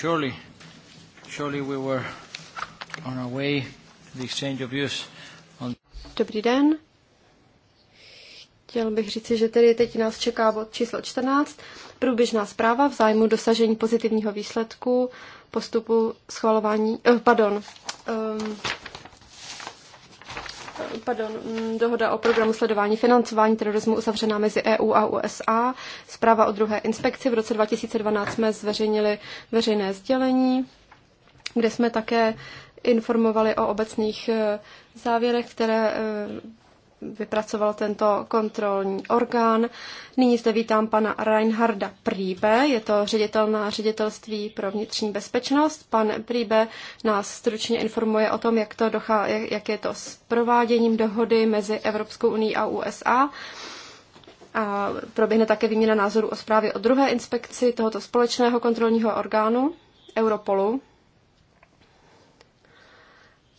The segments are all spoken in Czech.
surely, surely we were on our way to the exchange of views on... Dobrý den. Chtěl bych říci, že tedy teď nás čeká bod číslo 14. Průběžná zpráva v zájmu dosažení pozitivního výsledku postupu schvalování, eh, pardon, ehm, pardon, mm, dohoda o programu sledování financování terorismu uzavřená mezi EU a USA. Zpráva o druhé inspekci. V roce 2012 jsme zveřejnili veřejné sdělení, kde jsme také informovali o obecných eh, závěrech, které eh, vypracoval tento kontrolní orgán. Nyní zde vítám pana Reinharda Príbe, je to ředitel na ředitelství pro vnitřní bezpečnost. Pan Príbe nás stručně informuje o tom, jak, to dochá, jak je to s prováděním dohody mezi Evropskou unii a USA. A proběhne také výměna názoru o zprávě o druhé inspekci tohoto společného kontrolního orgánu Europolu.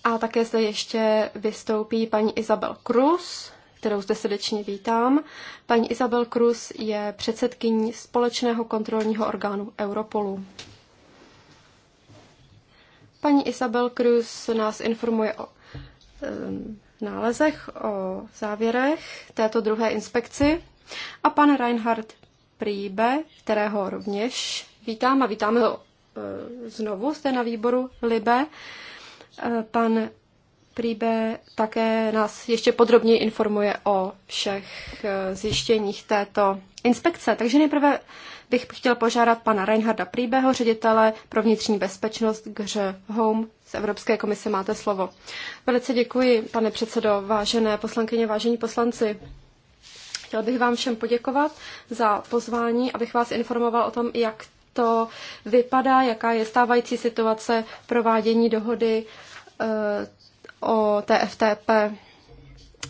A také zde ještě vystoupí paní Isabel Cruz, kterou zde srdečně vítám. Paní Isabel Cruz je předsedkyní společného kontrolního orgánu Europolu. Paní Isabel Cruz nás informuje o nálezech, o závěrech této druhé inspekci a pan Reinhard Príbe, kterého rovněž vítám a vítáme ho e, znovu zde na výboru Libe. Pan Príbe také nás ještě podrobněji informuje o všech eh, zjištěních této inspekce. Takže nejprve bych chtěl požádat pana Reinharda Príbeho, ředitele pro vnitřní bezpečnost GŘ Home z Evropské komise. Máte slovo. Velice děkuji, pane předsedo, vážené poslankyně, vážení poslanci. Chtěl bych vám všem poděkovat za pozvání, abych vás informoval o tom, jak to vypadá, jaká je stávající situace provádění dohody eh, o TFTP.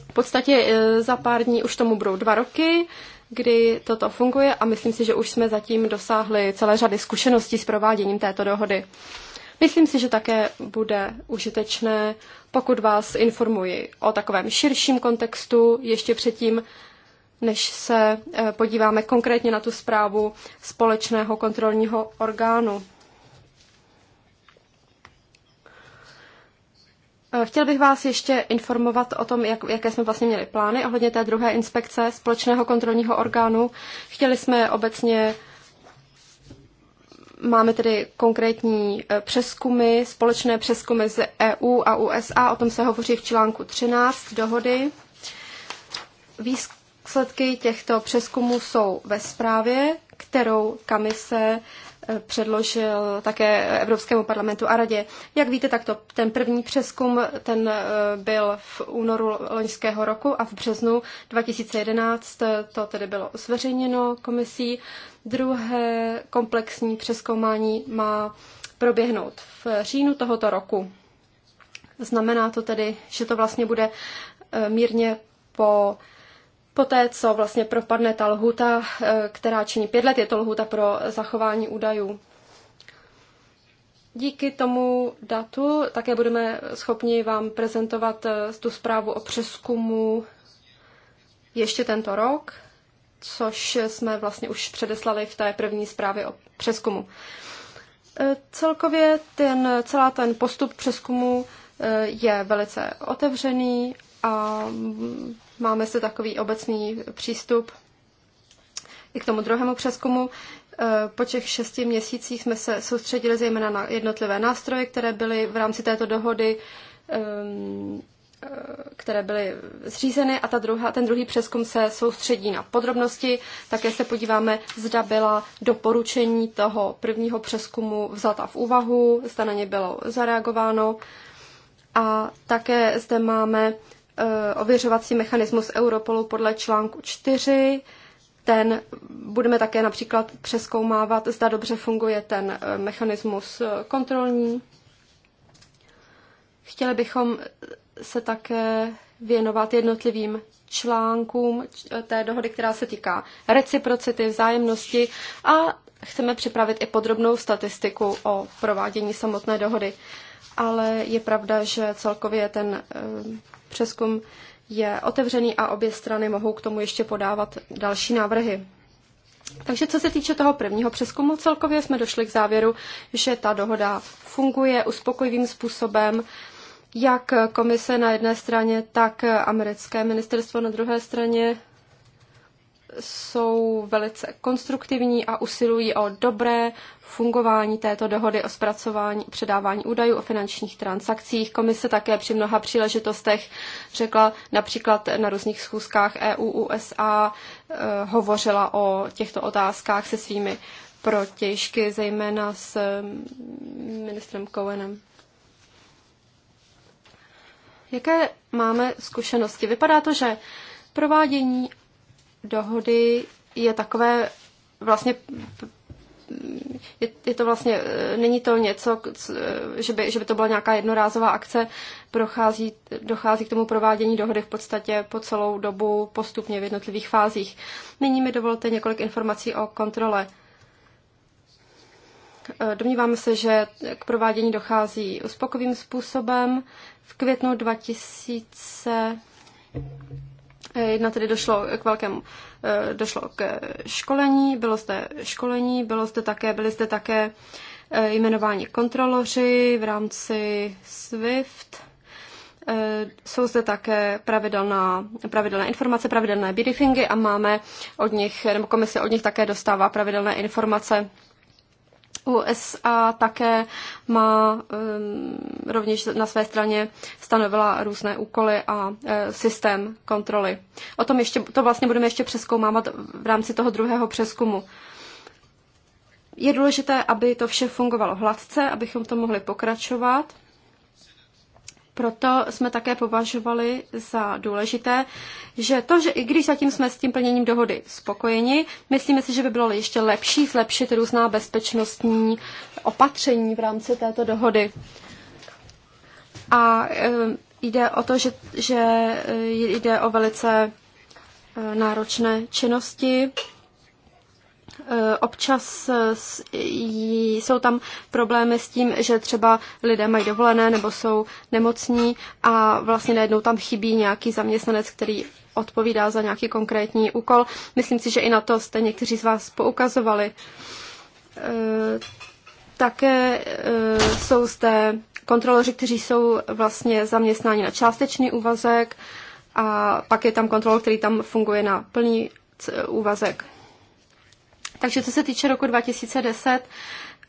V podstatě eh, za pár dní už tomu budou dva roky, kdy toto funguje a myslím si, že už jsme zatím dosáhli celé řady zkušeností s prováděním této dohody. Myslím si, že také bude užitečné, pokud vás informuji o takovém širším kontextu ještě předtím, než se eh, podíváme konkrétně na tu zprávu společného kontrolního orgánu. Eh, chtěl bych vás ještě informovat o tom, jak, jaké jsme vlastně měli plány ohledně té druhé inspekce společného kontrolního orgánu. Chtěli jsme obecně, máme tedy konkrétní eh, přeskumy, společné přeskumy z EU a USA, o tom se hovoří v článku 13 dohody. Výzkum Výsledky těchto přeskumů jsou ve zprávě, kterou komise eh, předložil také Evropskému parlamentu a radě. Jak víte, tak to, ten první přeskum ten eh, byl v únoru loňského roku a v březnu 2011 eh, to tedy bylo zveřejněno komisí. Druhé komplexní přeskoumání má proběhnout v říjnu tohoto roku. Znamená to tedy, že to vlastně bude mírně po Poté, co vlastně propadne ta lhuta, eh, která činí pět let, je to lhuta pro zachování údajů. Díky tomu datu také budeme schopni vám prezentovat eh, tu zprávu o přeskumu ještě tento rok, což jsme vlastně už předeslali v té první zprávě o přeskumu. Eh, celkově ten, celá ten postup přeskumu je velice otevřený a máme se takový obecný přístup i k tomu druhému přeskumu. E, po těch šesti měsících jsme se soustředili zejména na jednotlivé nástroje, které byly v rámci této dohody e, e, které byly zřízeny a ta druhá, ten druhý přeskum se soustředí na podrobnosti. Také se podíváme, zda byla doporučení toho prvního přeskumu vzata v úvahu, zda na ně bylo zareagováno. A také zde máme Eh, ověřovací mechanismus Europolu podle článku 4. Ten budeme také například přeskoumávat, zda dobře funguje ten eh, mechanismus eh, kontrolní. Chtěli bychom se také věnovat jednotlivým článkům té dohody, která se týká reciprocity, vzájemnosti a chceme připravit i podrobnou statistiku o provádění samotné dohody. Ale je pravda, že celkově ten přeskum je otevřený a obě strany mohou k tomu ještě podávat další návrhy. Takže co se týče toho prvního přeskumu, celkově jsme došli k závěru, že ta dohoda funguje uspokojivým způsobem, jak komise na jedné straně, tak americké ministerstvo na druhé straně jsou velice konstruktivní a usilují o dobré fungování této dohody o zpracování předávání údajů o finančních transakcích. Komise také při mnoha příležitostech řekla například na různých schůzkách EU, USA, eh, hovořila o těchto otázkách se svými protěžky, zejména s mm, ministrem Cohenem. Jaké máme zkušenosti? Vypadá to, že provádění dohody je takové vlastně je, je to vlastně, není to něco, že by, že by to byla nějaká jednorázová akce, prochází, dochází k tomu provádění dohody v podstatě po celou dobu postupně v jednotlivých fázích. Nyní mi dovolte několik informací o kontrole. Domníváme se, že k provádění dochází uspokovým způsobem. V květnu 2000 Jedna tedy došlo k velkému, eh, došlo k školení, bylo zde školení, bylo zde také, byli zde také eh, jmenováni kontroloři v rámci SWIFT. Eh, jsou zde také pravidelná, pravidelné informace, pravidelné briefingy a máme od nich, nebo komise od nich také dostává pravidelné informace USA také má um, rovněž na své straně stanovila různé úkoly a eh, systém kontroly. O tom ještě, to vlastně budeme ještě přeskoumávat v rámci toho druhého přeskumu. Je důležité, aby to vše fungovalo hladce, abychom to mohli pokračovat. Proto jsme také považovali za důležité, že to, že i když zatím jsme s tím plněním dohody spokojeni, myslíme si, že by bylo ještě lepší zlepšit různá bezpečnostní opatření v rámci této dohody. A eh, jde o to, že, že eh, jde o velice eh, náročné činnosti, Eh, občas eh, jsou tam problémy s tím, že třeba lidé mají dovolené nebo jsou nemocní a vlastně najednou tam chybí nějaký zaměstnanec, který odpovídá za nějaký konkrétní úkol. Myslím si, že i na to jste někteří z vás poukazovali. Eh, také jsou zde kontroloři, kteří jsou vlastně zaměstnáni na částečný úvazek a pak je tam kontrol, který tam funguje na plný úvazek. Takže co se týče roku 2010,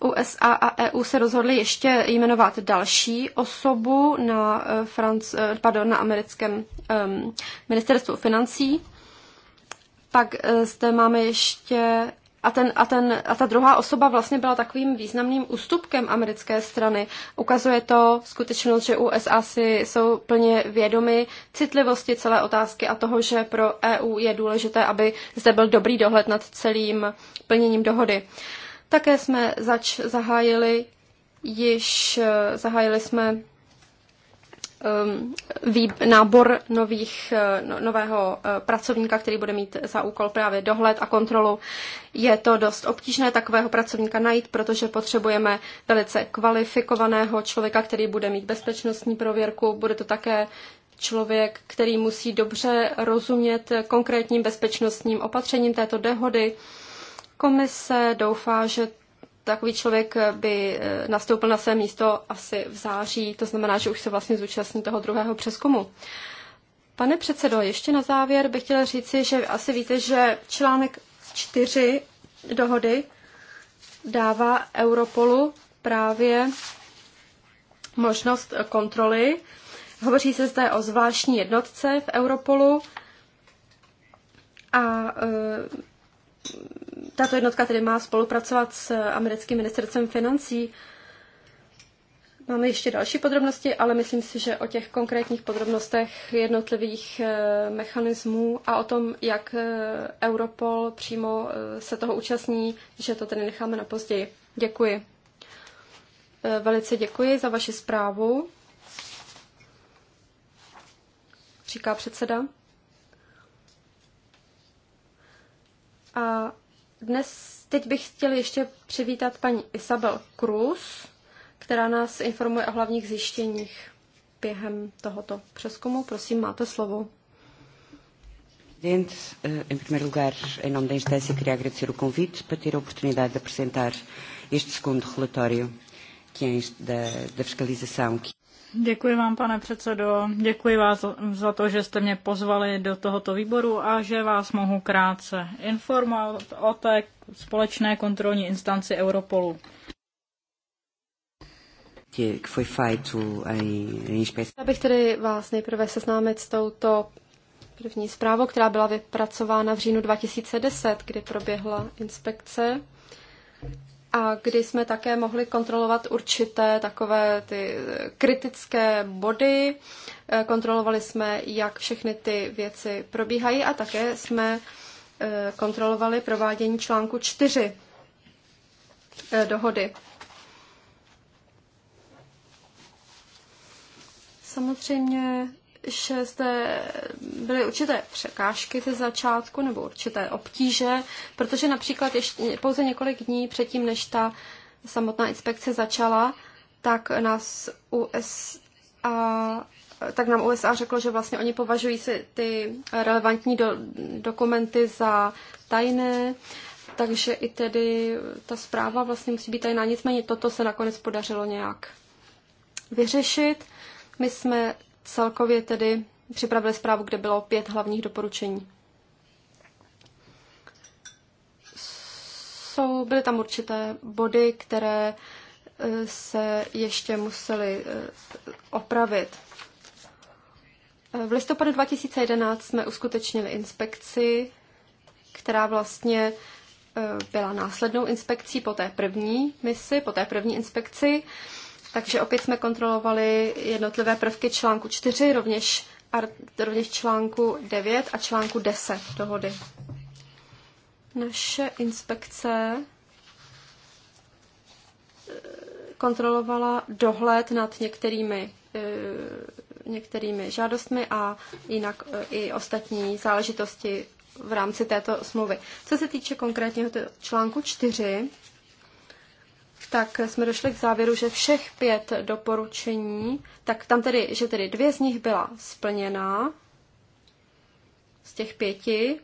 USA a EU se rozhodly ještě jmenovat další osobu na, eh, Franc, eh, pardon, na americkém um, ministerstvu financí. Pak eh, zde máme ještě a, ten, a, ten, a ta druhá osoba vlastně byla takovým významným ústupkem americké strany. Ukazuje to skutečnost, že USA si jsou plně vědomi citlivosti celé otázky a toho, že pro EU je důležité, aby zde byl dobrý dohled nad celým plněním dohody. Také jsme zač, zahájili již zahájili jsme Um, nábor nových, eh, no, nového eh, pracovníka, který bude mít za úkol právě dohled a kontrolu. Je to dost obtížné takového pracovníka najít, protože potřebujeme velice kvalifikovaného člověka, který bude mít bezpečnostní prověrku. Bude to také člověk, který musí dobře rozumět konkrétním bezpečnostním opatřením této dehody. Komise doufá, že takový člověk by eh, nastoupil na své místo asi v září, to znamená, že už se vlastně zúčastní toho druhého přeskumu. Pane předsedo, ještě na závěr bych chtěla říci, že asi víte, že článek 4 dohody dává Europolu právě možnost kontroly. Hovoří se zde o zvláštní jednotce v Europolu a eh, tato jednotka tedy má spolupracovat s americkým ministerstvem financí. Máme ještě další podrobnosti, ale myslím si, že o těch konkrétních podrobnostech jednotlivých eh, mechanismů a o tom, jak eh, Europol přímo eh, se toho účastní, že to tedy necháme na později. Děkuji. Velice děkuji za vaši zprávu, říká předseda. A dnes, teď bych chtěl ještě přivítat paní Isabel Cruz, která nás informuje o hlavních zjištěních během tohoto přeskumu. Prosím, máte slovo. Presidente, eh, em primeiro lugar, em nome da instância, queria agradecer o convite para ter a oportunidade de apresentar este segundo relatório que é da, da fiscalização. Que... Děkuji vám, pane předsedo. Děkuji vás za to, že jste mě pozvali do tohoto výboru a že vás mohu krátce informovat o té společné kontrolní instanci Europolu. Já bych tedy vás nejprve seznámit s touto první zprávou, která byla vypracována v říjnu 2010, kdy proběhla inspekce a kdy jsme také mohli kontrolovat určité takové ty eh, kritické body. Eh, kontrolovali jsme, jak všechny ty věci probíhají a také jsme eh, kontrolovali provádění článku 4 dohody. Samozřejmě že zde byly určité překážky ze začátku nebo určité obtíže, protože například ještě pouze několik dní předtím, než ta samotná inspekce začala, tak nás USA tak nám USA řeklo, že vlastně oni považují si ty relevantní do, dokumenty za tajné, takže i tedy ta zpráva vlastně musí být tajná. Nicméně toto se nakonec podařilo nějak vyřešit. My jsme Celkově tedy připravili zprávu, kde bylo pět hlavních doporučení. Jsou, byly tam určité body, které eh, se ještě museli eh, opravit. Eh, v listopadu 2011 jsme uskutečnili inspekci, která vlastně byla následnou inspekcí po té první misi, po té první inspekci. Takže opět jsme kontrolovali jednotlivé prvky článku 4, rovněž, a rovněž článku 9 a článku 10 dohody. Naše inspekce eh, kontrolovala dohled nad některými, eh, některými žádostmi a jinak eh, i ostatní záležitosti v rámci této smlouvy. Co se týče konkrétního článku 4, tak jsme došli k závěru, že všech pět doporučení, tak tam tedy, že tedy dvě z nich byla splněná z těch pěti.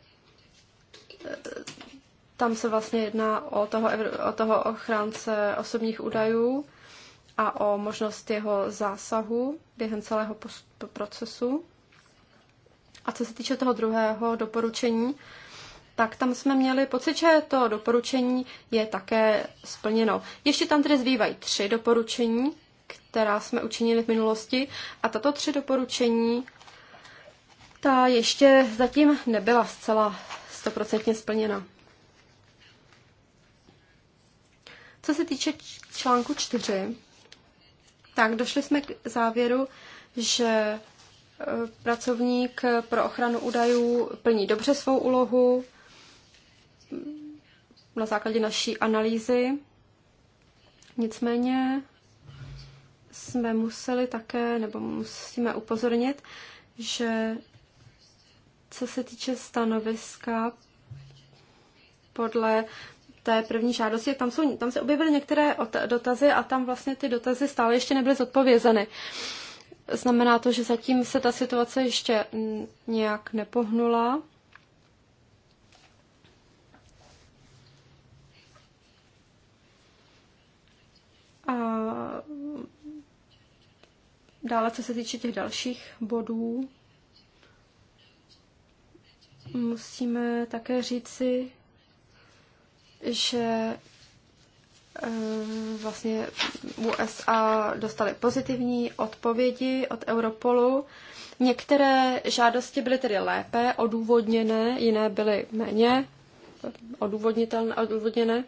Tam se vlastně jedná o toho, o toho ochránce osobních údajů a o možnost jeho zásahu během celého procesu. A co se týče toho druhého doporučení, tak tam jsme měli pocit, že to doporučení je také splněno. Ještě tam tedy zbývají tři doporučení, která jsme učinili v minulosti a tato tři doporučení ta ještě zatím nebyla zcela stoprocentně splněna. Co se týče článku 4, tak došli jsme k závěru, že e, pracovník pro ochranu údajů plní dobře svou úlohu, na základě naší analýzy. Nicméně jsme museli také, nebo musíme upozornit, že co se týče stanoviska podle té první žádosti, tam, jsou, tam se objevily některé dotazy a tam vlastně ty dotazy stále ještě nebyly zodpovězeny. Znamená to, že zatím se ta situace ještě nějak nepohnula. A dále, co se týče těch dalších bodů, musíme také říci, že eh, vlastně USA dostali pozitivní odpovědi od Europolu. Některé žádosti byly tedy lépe odůvodněné, jiné byly méně odůvodněné.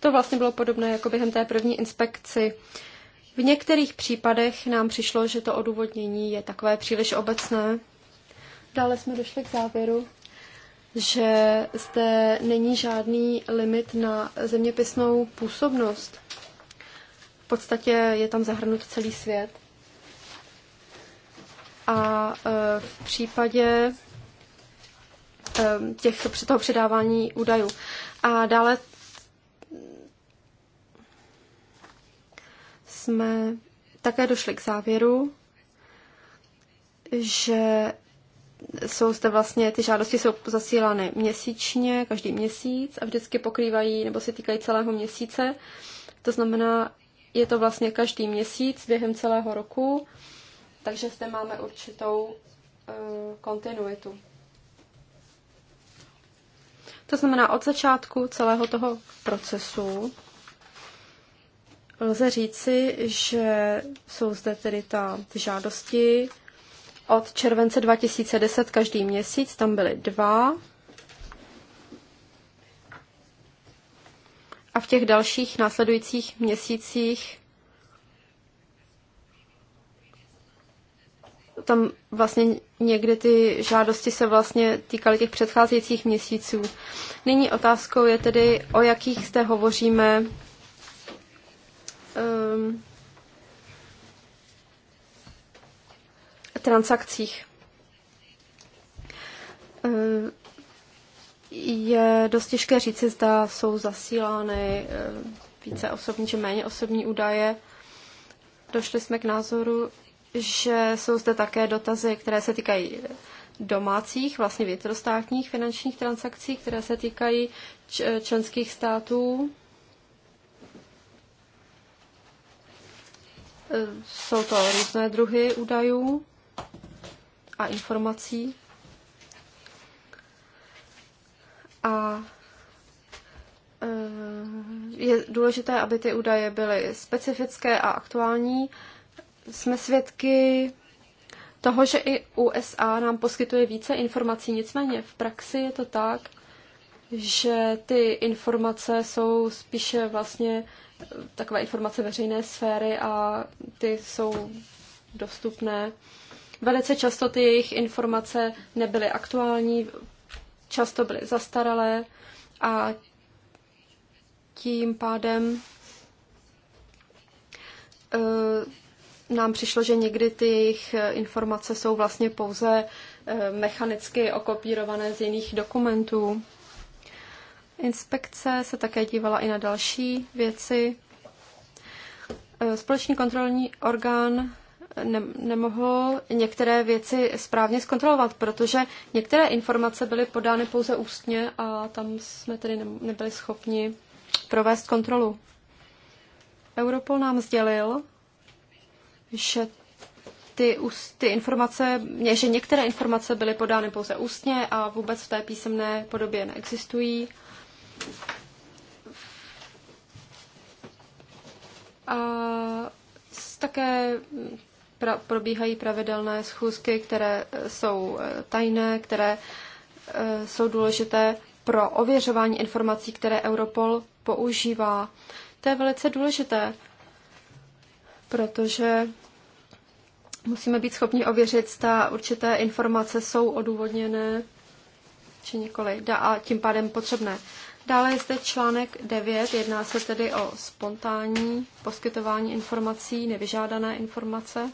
To vlastně bylo podobné jako během té první inspekci. V některých případech nám přišlo, že to odůvodnění je takové příliš obecné. Dále jsme došli k závěru, že zde není žádný limit na zeměpisnou působnost. V podstatě je tam zahrnut celý svět. A e, v případě Eh, těch, toho předávání údajů. A dále jsme také došli k závěru, že jsou zde vlastně, ty žádosti jsou zasílány měsíčně, každý měsíc a vždycky pokrývají nebo se týkají celého měsíce. To znamená, je to vlastně každý měsíc během celého roku, takže zde máme určitou uh, kontinuitu. To znamená, od začátku celého toho procesu lze říci, že jsou zde tedy ta žádosti od července 2010 každý měsíc, tam byly dva. A v těch dalších následujících měsících tam vlastně někdy ty žádosti se vlastně týkaly těch předcházejících měsíců. Nyní otázkou je tedy, o jakých zde hovoříme. Um, transakcích. Ehm, je dost těžké říci, zda jsou zasílány ehm, více osobní či méně osobní údaje. Došli jsme k názoru, že jsou zde také dotazy, které se týkají domácích, vlastně vnitrostátních finančních transakcí, které se týkají členských států. E, jsou to různé druhy údajů a informací. A e, je důležité, aby ty údaje byly specifické a aktuální jsme svědky toho, že i USA nám poskytuje více informací, nicméně v praxi je to tak, že ty informace jsou spíše vlastně takové informace veřejné sféry a ty jsou dostupné. Velice často ty jejich informace nebyly aktuální, často byly zastaralé a tím pádem eh, nám přišlo, že někdy ty jejich eh, informace jsou vlastně pouze eh, mechanicky okopírované z jiných dokumentů. Inspekce se také dívala i na další věci. Eh, společný kontrolní orgán ne- nemohl některé věci správně zkontrolovat, protože některé informace byly podány pouze ústně a tam jsme tedy ne- nebyli schopni provést kontrolu. Europol nám sdělil, že ty, ty informace, že některé informace byly podány pouze ústně a vůbec v té písemné podobě neexistují. A také pra, probíhají pravidelné schůzky, které eh, jsou eh, tajné, které eh, jsou důležité pro ověřování informací, které Europol používá. To je velice důležité, protože musíme být schopni ověřit, zda určité informace jsou odůvodněné či nikoli a tím pádem potřebné. Dále je zde článek 9, jedná se tedy o spontánní poskytování informací, nevyžádané informace.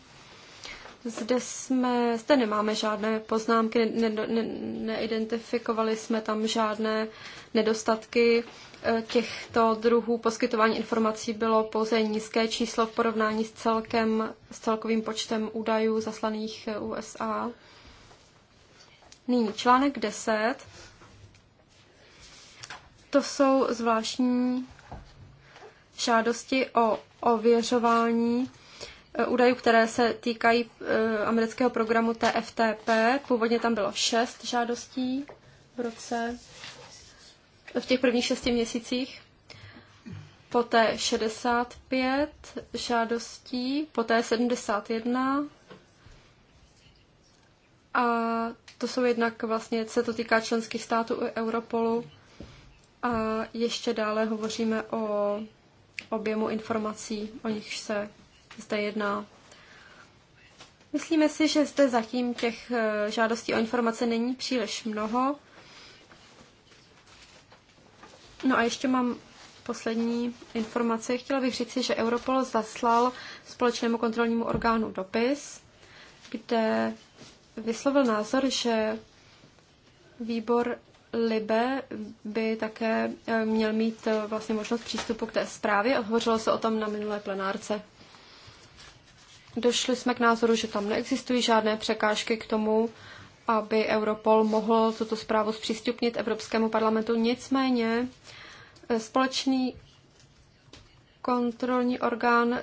Zde, jsme, zde nemáme žádné poznámky, ne, ne, neidentifikovali jsme tam žádné nedostatky e, těchto druhů poskytování informací bylo pouze nízké číslo v porovnání s, celkem, s celkovým počtem údajů zaslaných e, USA. Nyní článek 10. To jsou zvláštní žádosti o ověřování Eh, údajů, které se týkají eh, amerického programu TFTP. Původně tam bylo šest žádostí v roce, v těch prvních šesti měsících. Poté 65 žádostí, poté 71. A to jsou jednak vlastně, se to týká členských států u Europolu. A ještě dále hovoříme o objemu informací, o nichž se zde jedná. Myslíme si, že zde zatím těch eh, žádostí o informace není příliš mnoho. No a ještě mám poslední informace. Chtěla bych říci, že Europol zaslal společnému kontrolnímu orgánu dopis, kde vyslovil názor, že výbor Libe by také eh, měl mít eh, vlastně možnost přístupu k té zprávě. Hovořilo se o tom na minulé plenárce. Došli jsme k názoru, že tam neexistují žádné překážky k tomu, aby Europol mohl tuto zprávu zpřístupnit Evropskému parlamentu. Nicméně eh, společný kontrolní orgán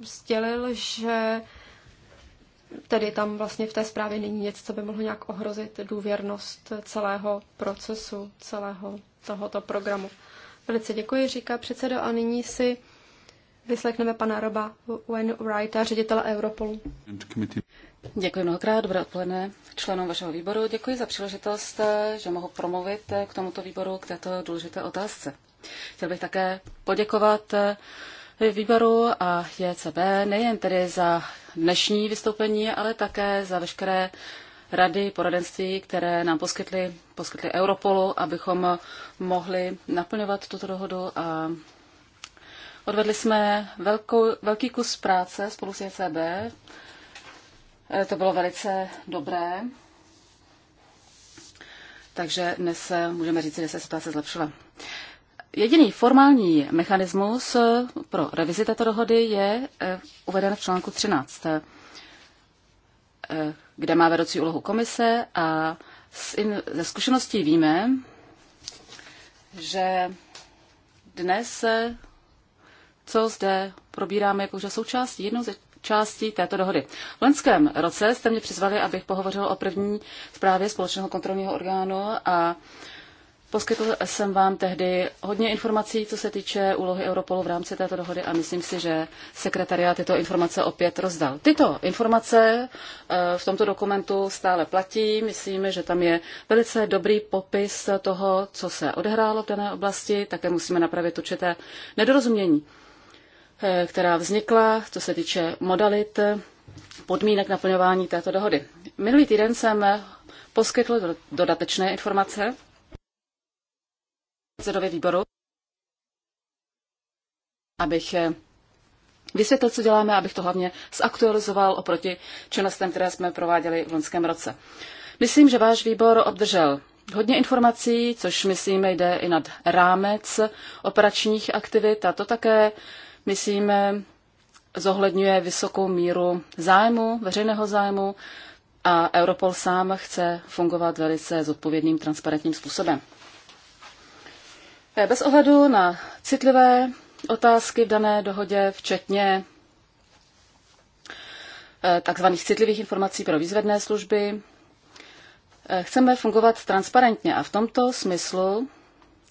sdělil, že tedy tam vlastně v té zprávě není nic, co by mohlo nějak ohrozit důvěrnost celého procesu, celého tohoto programu. Velice děkuji, říká předsedo, a nyní si vyslechneme pana Roba Wrighta ředitele Europolu. Děkuji mnohokrát, dobré odpoledne členům vašeho výboru. Děkuji za příležitost, že mohu promluvit k tomuto výboru, k této důležité otázce. Chtěl bych také poděkovat výboru a JCB nejen tedy za dnešní vystoupení, ale také za veškeré rady, poradenství, které nám poskytli poskytly Europolu, abychom mohli naplňovat tuto dohodu a Odvedli jsme velkou, velký kus práce spolu s ECB. E, to bylo velice dobré. Takže dnes e, můžeme říct, že se situace zlepšila. Jediný formální mechanismus e, pro revizi této dohody je uveden v článku 13, kde má vedoucí úlohu komise a ze zkušeností víme, že dnes co zde probíráme, je jako pouze součástí, jednou ze částí této dohody. V loňském roce jste mě přizvali, abych pohovořil o první zprávě společného kontrolního orgánu a Poskytl jsem vám tehdy hodně informací, co se týče úlohy Europolu v rámci této dohody a myslím si, že sekretariát tyto informace opět rozdal. Tyto informace eh, v tomto dokumentu stále platí. Myslím, že tam je velice dobrý popis toho, co se odehrálo v dané oblasti. Také musíme napravit určité nedorozumění. Eh, která vznikla, co se týče modalit podmínek naplňování této dohody. Minulý týden jsem poskytl dodatečné informace předsedovi výboru, abych eh, vysvětlil, co děláme, abych to hlavně zaktualizoval oproti činnostem, které jsme prováděli v loňském roce. Myslím, že váš výbor obdržel hodně informací, což myslím jde i nad rámec operačních aktivit a to také myslím, zohledňuje vysokou míru zájmu, veřejného zájmu a Europol sám chce fungovat velice zodpovědným, transparentním způsobem. Bez ohledu na citlivé otázky v dané dohodě, včetně eh, tzv. citlivých informací pro výzvedné služby, eh, chceme fungovat transparentně a v tomto smyslu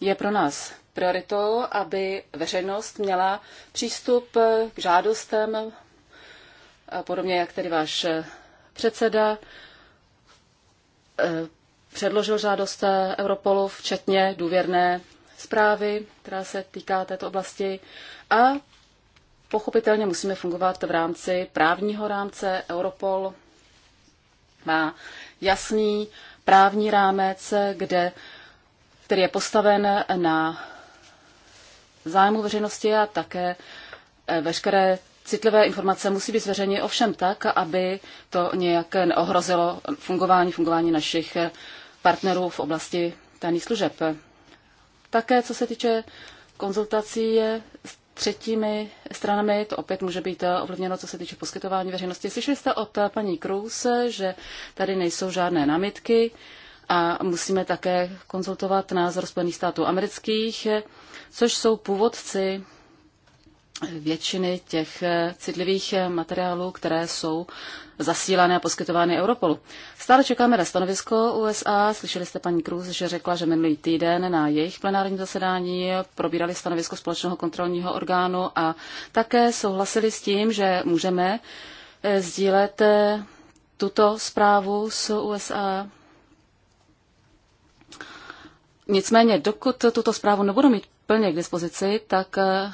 je pro nás prioritou, aby veřejnost měla přístup k žádostem, podobně jak tedy váš eh, předseda eh, předložil žádost eh, Europolu, včetně důvěrné zprávy, která se týká této oblasti. A pochopitelně musíme fungovat v rámci právního rámce. Europol má jasný právní rámec, kde, který je postaven na zájmu veřejnosti a také eh, veškeré citlivé informace musí být zveřejněny ovšem tak, aby to nějak neohrozilo fungování, fungování našich eh, partnerů v oblasti tajných služeb. Také co se týče konzultací s třetími stranami, to opět může být eh, ovlivněno, co se týče poskytování veřejnosti. Slyšeli jste od paní Kruse, že tady nejsou žádné namitky a musíme také konzultovat názor Spojených států amerických, což jsou původci většiny těch citlivých materiálů, které jsou zasílány a poskytovány Europolu. Stále čekáme na stanovisko USA. Slyšeli jste paní Cruz, že řekla, že minulý týden na jejich plenárním zasedání probírali stanovisko společného kontrolního orgánu a také souhlasili s tím, že můžeme eh, sdílet eh, tuto zprávu s USA Nicméně, dokud tuto zprávu nebudu mít plně k dispozici, tak eh,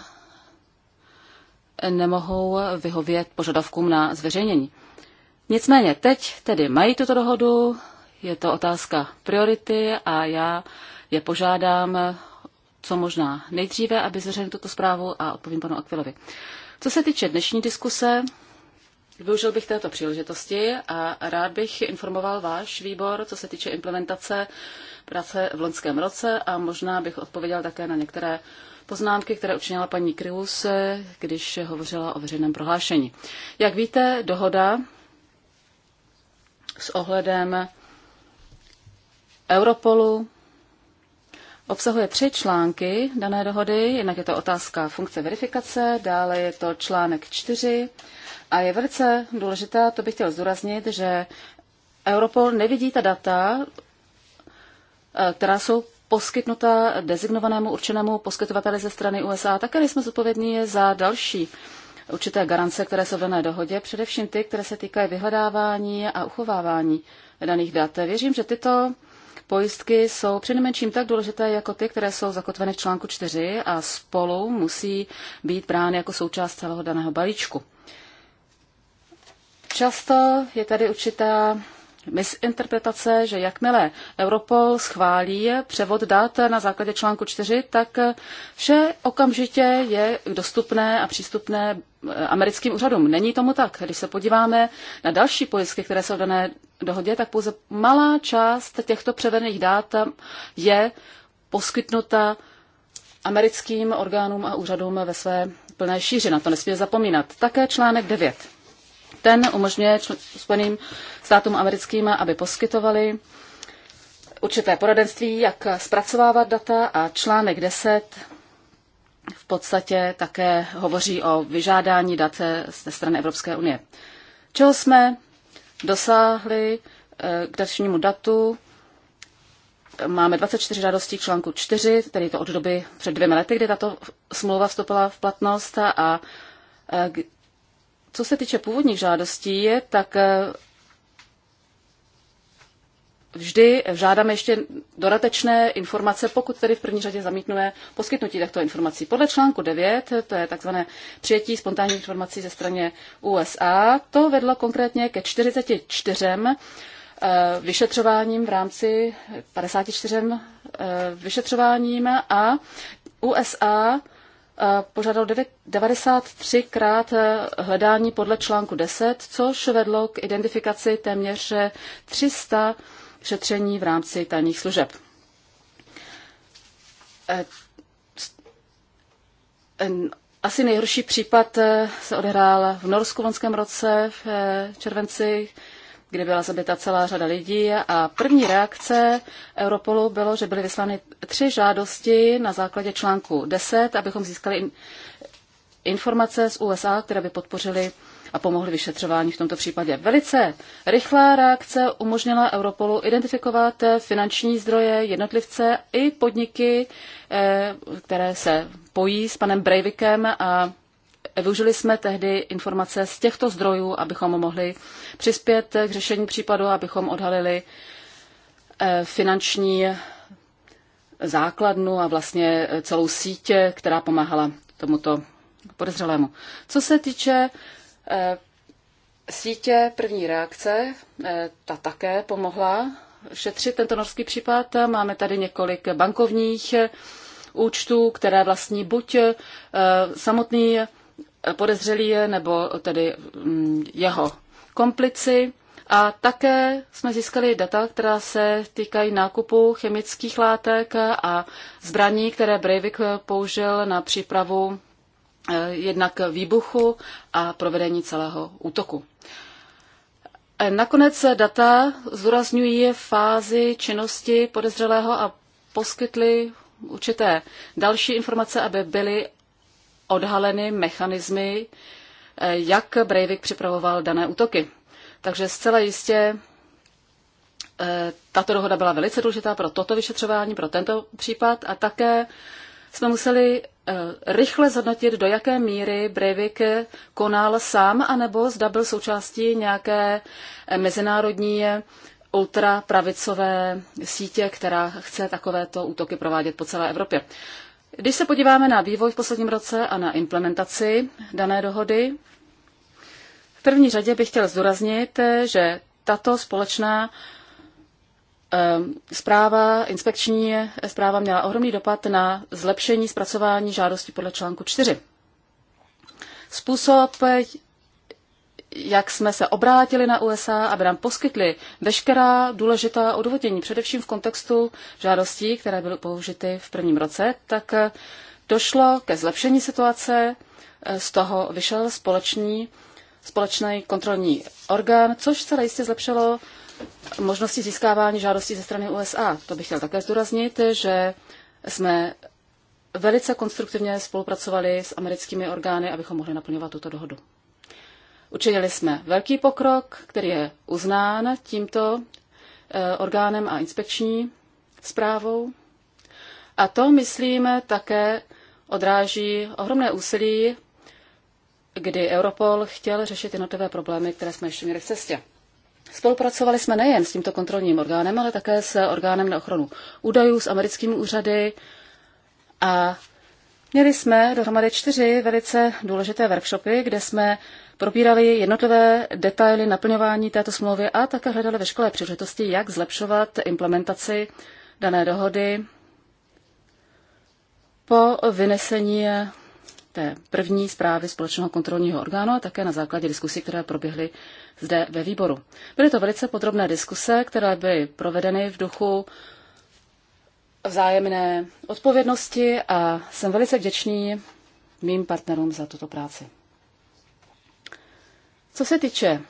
nemohou vyhovět požadavkům na zveřejnění. Nicméně, teď tedy mají tuto dohodu, je to otázka priority a já je požádám co možná nejdříve, aby zveřejnil tuto zprávu a odpovím panu Akvilovi. Co se týče dnešní diskuse, Využil bych této příležitosti a rád bych informoval váš výbor, co se týče implementace práce v loňském roce a možná bych odpověděl také na některé poznámky, které učinila paní Krius, když hovořila o veřejném prohlášení. Jak víte, dohoda s ohledem Europolu obsahuje tři články dané dohody. Jednak je to otázka funkce verifikace, dále je to článek čtyři a je velice důležité, to bych chtěl zdůraznit, že Europol nevidí ta data, eh, která jsou poskytnuta designovanému určenému poskytovateli ze strany USA. Také jsme zodpovědní za další určité garance, které jsou v dané dohodě, především ty, které se týkají vyhledávání a uchovávání daných dat. Věřím, že tyto pojistky jsou přinejmenším tak důležité jako ty, které jsou zakotveny v článku 4 a spolu musí být brány jako součást celého daného balíčku. Často je tady určitá misinterpretace, že jakmile Europol schválí převod dat na základě článku 4, tak vše okamžitě je dostupné a přístupné eh, americkým úřadům. Není tomu tak. Když se podíváme na další pojistky, které jsou v dané dohodě, tak pouze malá část těchto převedených dat je poskytnuta americkým orgánům a úřadům ve své plné šíři. Na to nesmíme zapomínat. Také článek 9 ten umožňuje Spojeným státům americkým, aby poskytovali určité poradenství, jak zpracovávat data a článek 10 v podstatě také hovoří o vyžádání dat ze strany Evropské unie. Čeho jsme dosáhli eh, k dnešnímu datu? Máme 24 žádostí k článku 4, tedy to od doby před dvěma lety, kdy tato smlouva vstoupila v platnost a eh, co se týče původních žádostí, tak eh, vždy žádáme ještě dodatečné informace, pokud tedy v první řadě zamítneme poskytnutí takto informací. Podle článku 9, to je takzvané přijetí spontánních informací ze straně USA, to vedlo konkrétně ke 44 eh, vyšetřováním v rámci 54 eh, vyšetřováním a USA požádal 93krát e, hledání podle článku 10, což vedlo k identifikaci téměř 300 e, šetření v rámci tajných služeb. E, asi nejhorší případ se odehrál v Norsku v loňském roce v červenci, kde byla zabita celá řada lidí a první reakce Europolu bylo, že byly vyslány tři žádosti na základě článku 10, abychom získali informace z USA, které by podpořily a pomohly vyšetřování v tomto případě. Velice rychlá reakce umožnila Europolu identifikovat finanční zdroje, jednotlivce i podniky, eh, které se pojí s panem Breivikem a využili jsme tehdy informace z těchto zdrojů, abychom mohli přispět k řešení případu, abychom odhalili eh, finanční základnu a vlastně eh, celou sítě, která pomáhala tomuto podezřelému. Co se týče eh, sítě první reakce, ta také pomohla šetřit tento norský případ. Máme tady několik bankovních účtů, které vlastní buď samotný podezřelí je, nebo tedy mm, jeho komplici. A také jsme získali data, která se týkají nákupu chemických látek a zbraní, které Breivik použil na přípravu eh, jednak výbuchu a provedení celého útoku. Eh, nakonec data zúraznují fázi činnosti podezřelého a poskytly určité další informace, aby byly odhaleny mechanismy, eh, jak Breivik připravoval dané útoky. Takže zcela jistě eh, tato dohoda byla velice důležitá pro toto vyšetřování, pro tento případ a také jsme museli eh, rychle zhodnotit, do jaké míry Breivik konal sám, anebo zda byl součástí nějaké mezinárodní ultrapravicové sítě, která chce takovéto útoky provádět po celé Evropě. Když se podíváme na vývoj v posledním roce a na implementaci dané dohody, v první řadě bych chtěl zdůraznit, že tato společná eh, zpráva, inspekční zpráva měla ohromný dopad na zlepšení zpracování žádosti podle článku 4. Způsob, jak jsme se obrátili na USA, aby nám poskytli veškerá důležitá odvodění, především v kontextu žádostí, které byly použity v prvním roce, tak eh, došlo ke zlepšení situace, eh, z toho vyšel společný, společný kontrolní orgán, což se jistě zlepšilo možnosti získávání žádostí ze strany USA. To bych chtěl také zdůraznit, že jsme velice konstruktivně spolupracovali s americkými orgány, abychom mohli naplňovat tuto dohodu. Učinili jsme velký pokrok, který je uznán tímto eh, orgánem a inspekční zprávou. A to, myslíme, také odráží ohromné úsilí, kdy Europol chtěl řešit jednotlivé problémy, které jsme ještě měli v cestě. Spolupracovali jsme nejen s tímto kontrolním orgánem, ale také s orgánem na ochranu údajů, s americkými úřady a měli jsme dohromady čtyři velice důležité workshopy, kde jsme probírali jednotlivé detaily naplňování této smlouvy a také hledali ve škole příležitosti, jak zlepšovat implementaci dané dohody po vynesení té první zprávy společného kontrolního orgánu a také na základě diskusí, které proběhly zde ve výboru. Byly to velice podrobné diskuse, které byly provedeny v duchu vzájemné odpovědnosti a jsem velice vděčný mým partnerům za tuto práci. Co se týče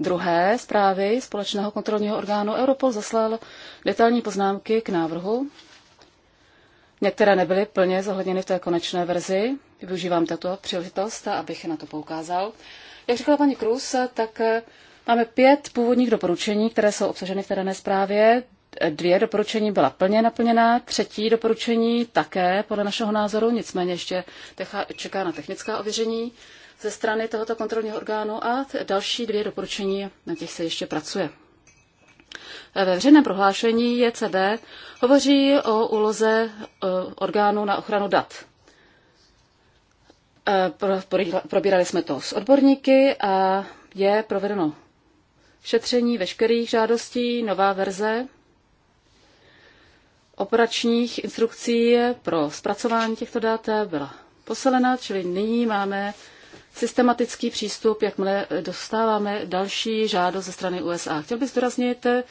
druhé zprávy společného kontrolního orgánu, Europol zaslal detailní poznámky k návrhu. Některé nebyly plně zohledněny v té konečné verzi. Využívám tato příležitost, abych na to poukázal. Jak řekla paní Krus, tak eh, máme pět původních doporučení, které jsou obsaženy v té dané zprávě. Dvě doporučení byla plně naplněná, třetí doporučení také podle našeho názoru, nicméně ještě čeká na technická ověření ze strany tohoto kontrolního orgánu a další dvě doporučení, na těch se ještě pracuje. Ve veřejném prohlášení JCB hovoří o úloze e, orgánu na ochranu dat. E, probírali jsme to s odborníky a je provedeno šetření veškerých žádostí, nová verze operačních instrukcí pro zpracování těchto dat byla poselena, čili nyní máme systematický přístup, jakmile dostáváme další žádost ze strany USA. Chtěl bych zdůraznit, eh,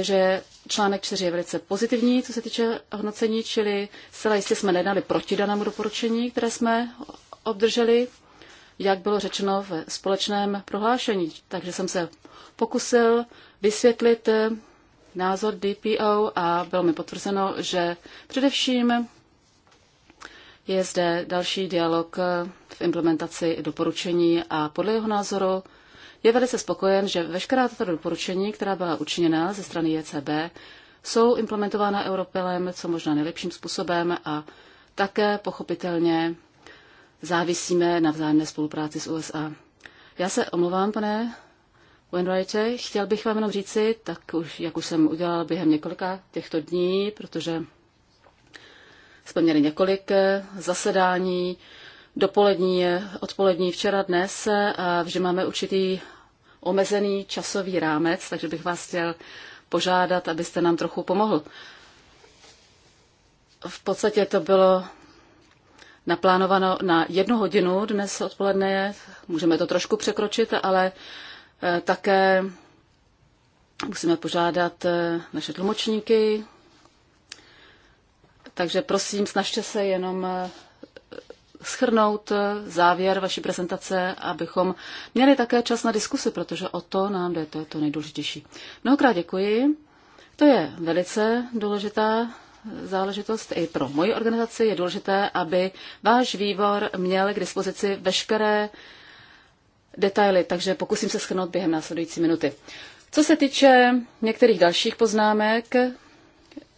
že článek 4 je velice pozitivní, co se týče hodnocení, čili zcela jistě jsme nedali proti danému doporučení, které jsme obdrželi, jak bylo řečeno v společném prohlášení. Takže jsem se pokusil vysvětlit eh, názor DPO a bylo mi potvrzeno, že především je zde další dialog eh, v implementaci doporučení a podle jeho názoru je velice spokojen, že veškerá tato doporučení, která byla učiněna ze strany ECB, jsou implementována Europelem co možná nejlepším způsobem a také pochopitelně závisíme na vzájemné spolupráci s USA. Já se omlouvám, pane Wainwrighte, chtěl bych vám jenom říci, tak už, jak už jsem udělal během několika těchto dní, protože jsme měli několik eh, zasedání, dopolední, odpolední, včera, dnes, eh, a že máme určitý omezený časový rámec, takže bych vás chtěl požádat, abyste nám trochu pomohl. V podstatě to bylo naplánováno na jednu hodinu dnes odpoledne, můžeme to trošku překročit, ale eh, také musíme požádat naše tlumočníky, takže prosím, snažte se jenom eh, schrnout eh, závěr vaší prezentace, abychom měli také čas na diskusi, protože o to nám jde, to je to nejdůležitější. Mnohokrát děkuji. To je velice důležitá eh, záležitost i pro moji organizaci. Je důležité, aby váš výbor měl k dispozici veškeré detaily, takže pokusím se schrnout během následující minuty. Co se týče některých dalších poznámek,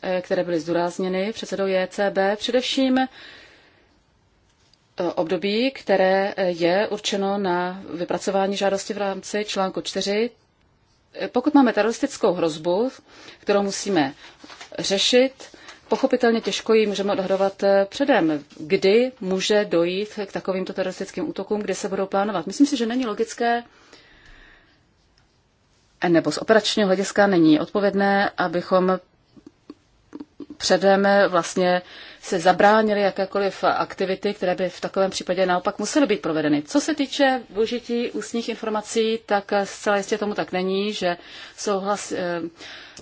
Eh, které byly zdůrazněny předsedou JCB, e především eh, období, které eh, je určeno na vypracování žádosti v rámci článku 4. Pokud máme teroristickou hrozbu, kterou musíme řešit, pochopitelně těžko ji můžeme odhadovat předem, kdy může dojít k takovýmto teroristickým útokům, kde se budou plánovat. Myslím si, že není logické nebo z operačního hlediska není odpovědné, abychom předem vlastně se zabránili jakékoliv aktivity, které by v takovém případě naopak musely být provedeny. Co se týče využití ústních informací, tak zcela jistě tomu tak není, že souhlas eh,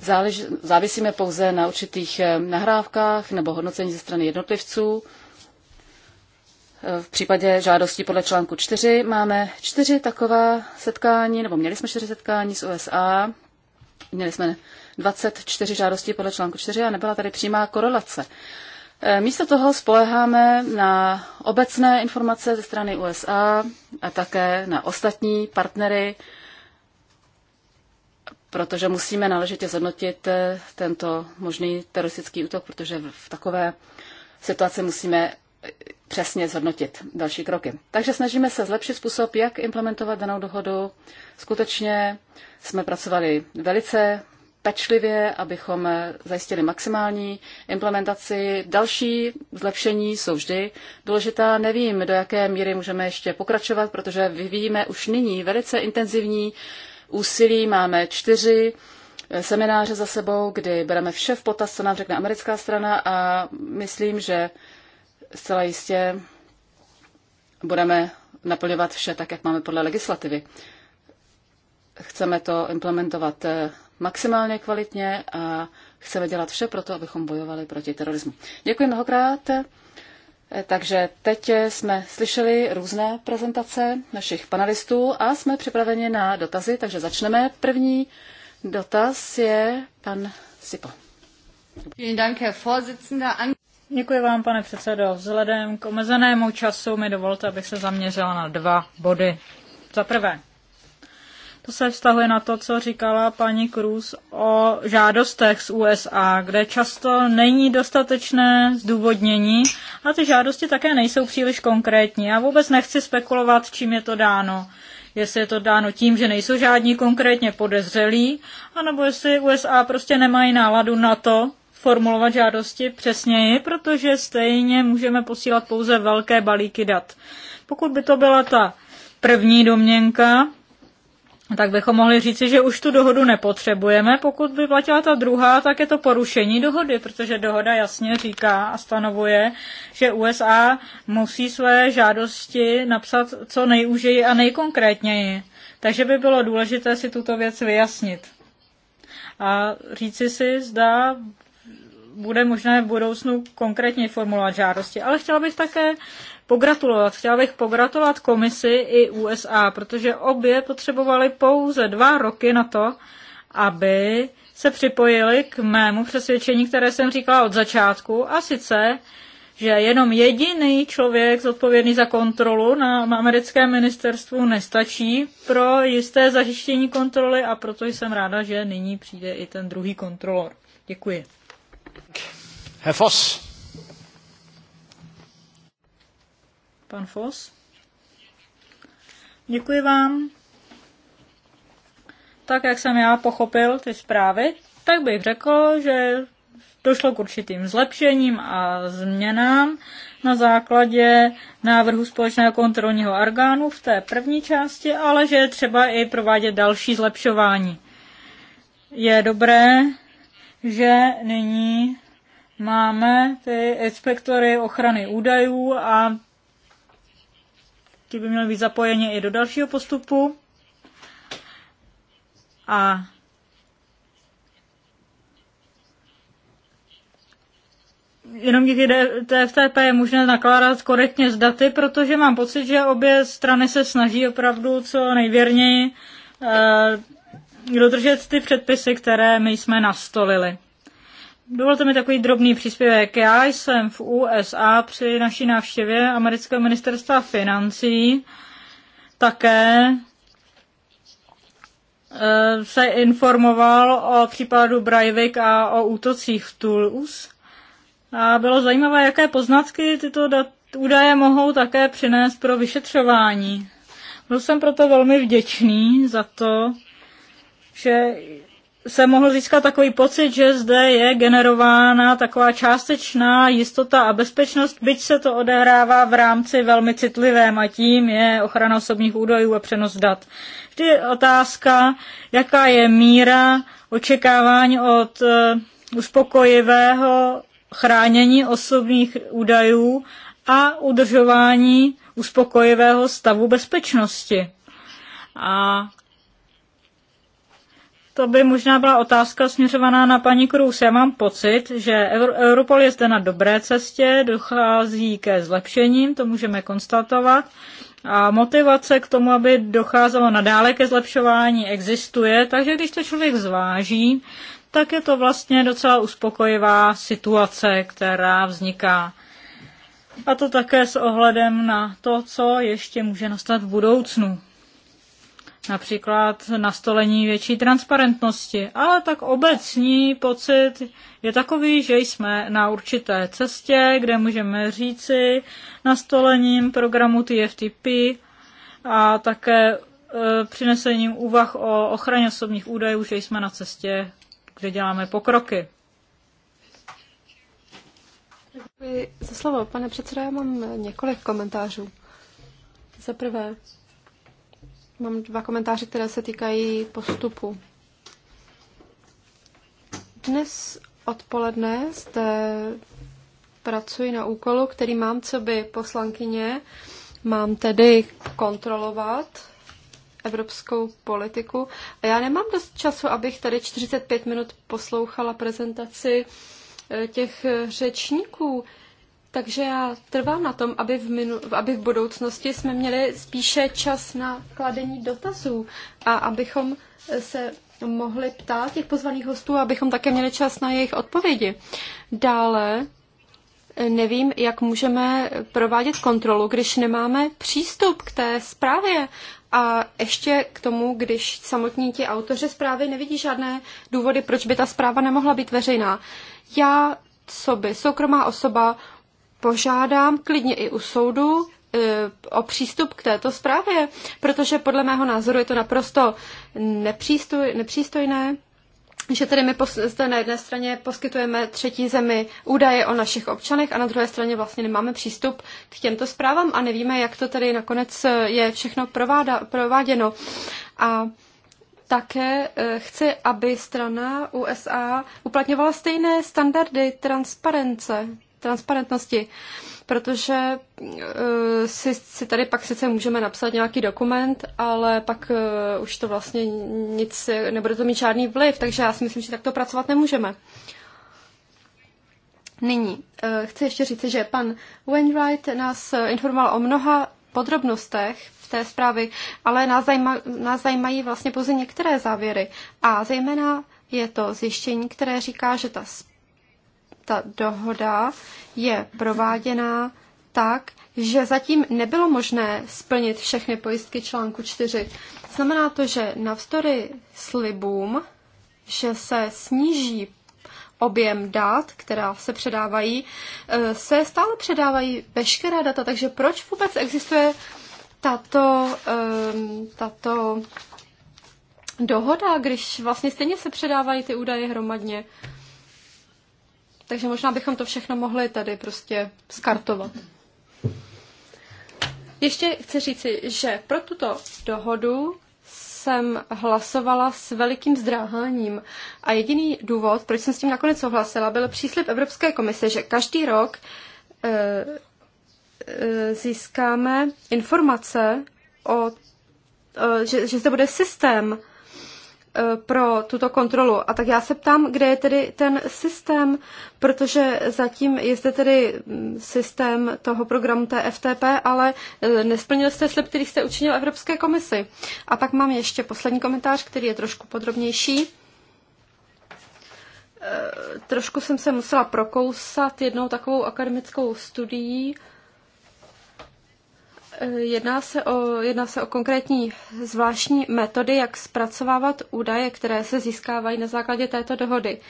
zálež, závisíme pouze na určitých eh, nahrávkách nebo hodnocení ze strany jednotlivců. Eh, v případě žádostí podle článku 4 máme čtyři taková setkání, nebo měli jsme čtyři setkání z USA. Měli jsme 24 žádostí podle článku 4 a nebyla tady přímá korelace. E, místo toho spoleháme na obecné informace ze strany USA a také na ostatní partnery, protože musíme náležitě zhodnotit e, tento možný teroristický útok, protože v takové situaci musíme e, přesně zhodnotit další kroky. Takže snažíme se zlepšit způsob, jak implementovat danou dohodu. Skutečně jsme pracovali velice pečlivě, abychom zajistili maximální implementaci. Další zlepšení jsou vždy důležitá. Nevím, do jaké míry můžeme ještě pokračovat, protože vyvíjíme už nyní velice intenzivní úsilí. Máme čtyři eh, semináře za sebou, kdy bereme vše v potaz, co nám řekne americká strana a myslím, že zcela jistě budeme naplňovat vše tak, jak máme podle legislativy. Chceme to implementovat eh, maximálně kvalitně a chceme dělat vše pro to, abychom bojovali proti terorismu. Děkuji mnohokrát. Eh, takže teď jsme slyšeli různé prezentace našich panelistů a jsme připraveni na dotazy, takže začneme. První dotaz je pan Sipo. Děkuji vám, pane předsedo. Vzhledem k omezenému času mi dovolte, abych se zaměřila na dva body. Za prvé, to se vztahuje na to, co říkala paní Cruz o žádostech z USA, kde často není dostatečné zdůvodnění a ty žádosti také nejsou příliš konkrétní. Já vůbec nechci spekulovat, čím je to dáno. Jestli je to dáno tím, že nejsou žádní konkrétně podezřelí, anebo jestli USA prostě nemají náladu na to, formulovat žádosti přesněji, protože stejně můžeme posílat pouze velké balíky dat. Pokud by to byla ta první domněnka, tak bychom mohli říci, že už tu dohodu nepotřebujeme. Pokud by platila ta druhá, tak je to porušení dohody, protože dohoda jasně říká a stanovuje, že USA musí své žádosti napsat co nejúžeji a nejkonkrétněji. Takže by bylo důležité si tuto věc vyjasnit. A říci si, zda bude možné v budoucnu konkrétně formulovat žádosti. Ale chtěla bych také pogratulovat. Chtěla bych pogratulovat komisi i USA, protože obě potřebovaly pouze dva roky na to, aby se připojili k mému přesvědčení, které jsem říkala od začátku, a sice, že jenom jediný člověk zodpovědný za kontrolu na americkém ministerstvu nestačí pro jisté zajištění kontroly a proto jsem ráda, že nyní přijde i ten druhý kontrolor. Děkuji. Herr Voss. Pan Fos. Děkuji vám. Tak, jak jsem já pochopil ty zprávy, tak bych řekl, že došlo k určitým zlepšením a změnám na základě návrhu společného kontrolního orgánu v té první části, ale že je třeba i provádět další zlepšování. Je dobré, že nyní máme ty inspektory ochrany údajů a Ti by měli být zapojeni i do dalšího postupu. A jenom díky TFTP je možné nakládat korektně z daty, protože mám pocit, že obě strany se snaží opravdu co nejvěrněji eh, dodržet ty předpisy, které my jsme nastolili. Dovolte mi takový drobný příspěvek. Já jsem v USA při naší návštěvě amerického ministerstva financí také eh, se informoval o případu Breivik a o útocích v Toulouse. A bylo zajímavé, jaké poznatky tyto dat, údaje mohou také přinést pro vyšetřování. Byl jsem proto velmi vděčný za to, že se mohl získat takový pocit, že zde je generována taková částečná jistota a bezpečnost, byť se to odehrává v rámci velmi citlivém a tím je ochrana osobních údajů a přenos dat. Vždy je otázka, jaká je míra očekávání od eh, uspokojivého chránění osobních údajů a udržování uspokojivého stavu bezpečnosti. A to by možná byla otázka směřovaná na paní Krůz. Já mám pocit, že Europol je zde na dobré cestě, dochází ke zlepšením, to můžeme konstatovat. A motivace k tomu, aby docházelo nadále ke zlepšování, existuje. Takže když to člověk zváží, tak je to vlastně docela uspokojivá situace, která vzniká. A to také s ohledem na to, co ještě může nastat v budoucnu například nastolení větší transparentnosti. Ale tak obecní pocit je takový, že jsme na určité cestě, kde můžeme říci nastolením programu TFTP a také e, přinesením úvah o ochraně osobních údajů, že jsme na cestě, kde děláme pokroky. Děkuji za slovo, pane předsedo. Já mám několik komentářů. Za prvé, Mám dva komentáře, které se týkají postupu. Dnes odpoledne zde pracuji na úkolu, který mám co by poslankyně. Mám tedy kontrolovat evropskou politiku. A já nemám dost času, abych tady 45 minut poslouchala prezentaci eh, těch eh, řečníků. Takže já trvám na tom, aby v, minu- aby v budoucnosti jsme měli spíše čas na kladení dotazů a abychom se mohli ptát těch pozvaných hostů, abychom také měli čas na jejich odpovědi. Dále nevím, jak můžeme provádět kontrolu, když nemáme přístup k té zprávě. A ještě k tomu, když samotní ti autoři zprávy nevidí žádné důvody, proč by ta zpráva nemohla být veřejná. Já, co by soukromá osoba, požádám klidně i u soudu eh, o přístup k této zprávě, protože podle mého názoru je to naprosto nepřístoj, nepřístojné, že tedy my zde na jedné straně poskytujeme třetí zemi údaje o našich občanech a na druhé straně vlastně nemáme přístup k těmto zprávám a nevíme, jak to tedy nakonec eh, je všechno prováda, prováděno. A také eh, chci, aby strana USA uplatňovala stejné standardy transparence transparentnosti, protože eh, si, si tady pak sice můžeme napsat nějaký dokument, ale pak eh, už to vlastně nic, nebude to mít žádný vliv, takže já si myslím, že takto pracovat nemůžeme. Nyní eh, chci ještě říct, že pan Wainwright nás informoval o mnoha podrobnostech v té zprávy, ale nás, zajma, nás zajímají vlastně pouze některé závěry. A zejména je to zjištění, které říká, že ta ta dohoda je prováděná tak, že zatím nebylo možné splnit všechny pojistky článku 4. Znamená to, že navzdory slibům, že se sníží objem dat, která se předávají, eh, se stále předávají veškerá data, takže proč vůbec existuje tato, ehm, tato dohoda, když vlastně stejně se předávají ty údaje hromadně? Takže možná bychom to všechno mohli tady prostě skartovat. Ještě chci říci, že pro tuto dohodu jsem hlasovala s velikým zdráháním. A jediný důvod, proč jsem s tím nakonec souhlasila, byl příslip Evropské komise, že každý rok e, e, získáme informace o, e, že, že zde bude systém Eh, pro tuto kontrolu. A tak já se ptám, kde je tedy ten systém, protože zatím je zde tedy mm, systém toho programu TFTP, ale eh, nesplnil jste slib, který jste učinil Evropské komisi. A pak mám ještě poslední komentář, který je trošku podrobnější eh, trošku jsem se musela prokousat jednou takovou akademickou studií Jedná se, o, jedná se o konkrétní zvláštní metody, jak zpracovávat údaje, které se získávají na základě této dohody.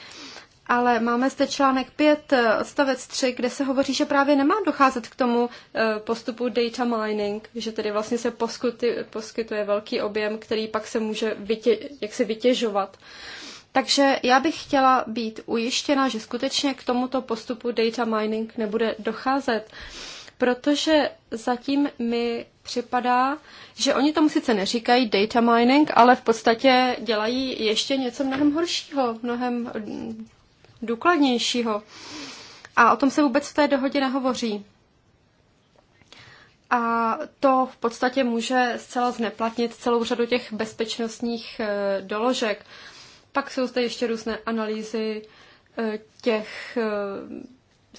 Ale máme zde článek 5, eh, odstavec 3, kde se hovoří, že právě nemá docházet k tomu eh, postupu data mining, že tedy vlastně se poskytuje, poskytuje velký objem, který pak se může vytě, jak se vytěžovat. Takže já bych chtěla být ujištěna, že skutečně k tomuto postupu data mining nebude docházet. Uh, protože zatím mi připadá, že oni tomu sice neříkají data mining, ale v podstatě dělají ještě něco mnohem horšího, mnohem mm, důkladnějšího. A o tom se vůbec v té dohodě nehovoří. A to v podstatě může zcela zneplatnit celou řadu těch bezpečnostních e, doložek. Pak jsou zde ještě různé analýzy e, těch e,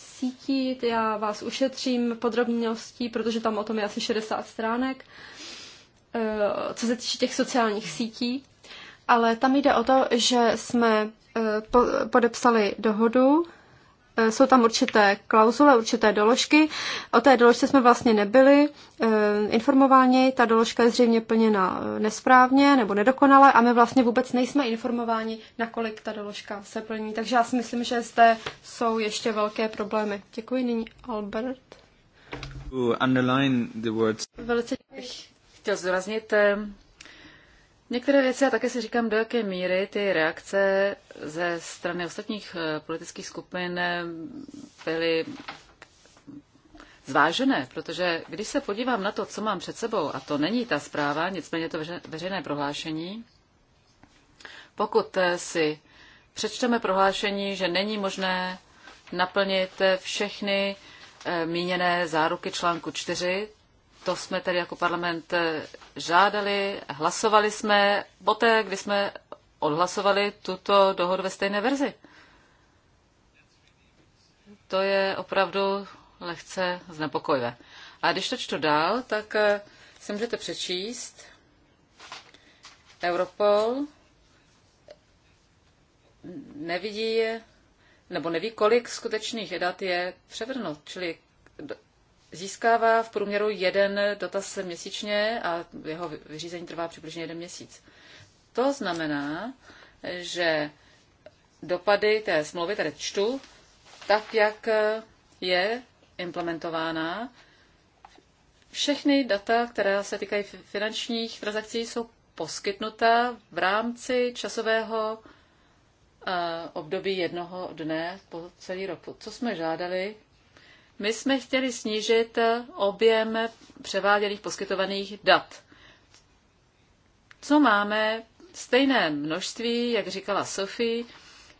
sítí. Já vás ušetřím podrobností, protože tam o tom je asi 60 stránek. Eh, co se týče těch sociálních sítí, ale tam jde o to, že jsme eh, podepsali dohodu Eh, jsou tam určité klauzule, určité doložky. O té doložce jsme vlastně nebyli eh, informováni, ta doložka je zřejmě plněna eh, nesprávně nebo nedokonale a my vlastně vůbec nejsme informováni, nakolik ta doložka se plní. Takže já si myslím, že zde jsou ještě velké problémy. Děkuji nyní Albert. Velice chtěl zdůraznit Některé věci, a také si říkám, do jaké míry ty reakce ze strany ostatních eh, politických skupin eh, byly zvážené, protože když se podívám na to, co mám před sebou, a to není ta zpráva, nicméně to veřejné prohlášení, pokud eh, si přečteme prohlášení, že není možné naplnit všechny míněné záruky článku 4, to jsme tedy jako parlament eh, žádali, hlasovali jsme poté, kdy jsme odhlasovali tuto dohodu ve stejné verzi. To je opravdu lehce znepokojivé. A když to čtu dál, tak eh, si můžete přečíst Europol nevidí nebo neví, kolik skutečných dat je převrnout, čili získává v průměru jeden dotaz měsíčně a jeho vyřízení trvá přibližně jeden měsíc. To znamená, že dopady té smlouvy, tedy čtu, tak jak je implementována, všechny data, která se týkají finančních transakcí, jsou poskytnuta v rámci časového eh, období jednoho dne po celý rok. Co jsme žádali, my jsme chtěli snížit eh, objem převáděných poskytovaných dat. Co máme? Stejné množství, jak říkala Sophie,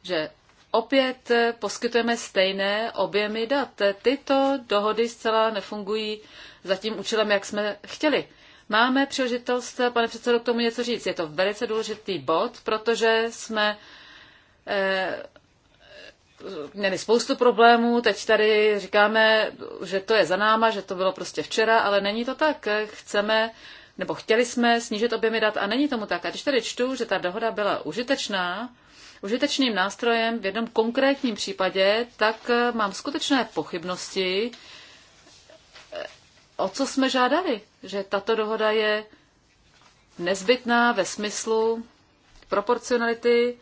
že opět eh, poskytujeme stejné objemy dat. Tyto dohody zcela nefungují za tím účelem, jak jsme chtěli. Máme příležitost, eh, pane předsedo, k tomu něco říct. Je to velice důležitý bod, protože jsme eh, měli spoustu problémů, teď tady říkáme, že to je za náma, že to bylo prostě včera, ale není to tak. Chceme, nebo chtěli jsme snížit objemy dat a není tomu tak. A když tady čtu, že ta dohoda byla užitečná, užitečným nástrojem v jednom konkrétním případě, tak eh, mám skutečné pochybnosti, eh, o co jsme žádali, že tato dohoda je nezbytná ve smyslu proporcionality,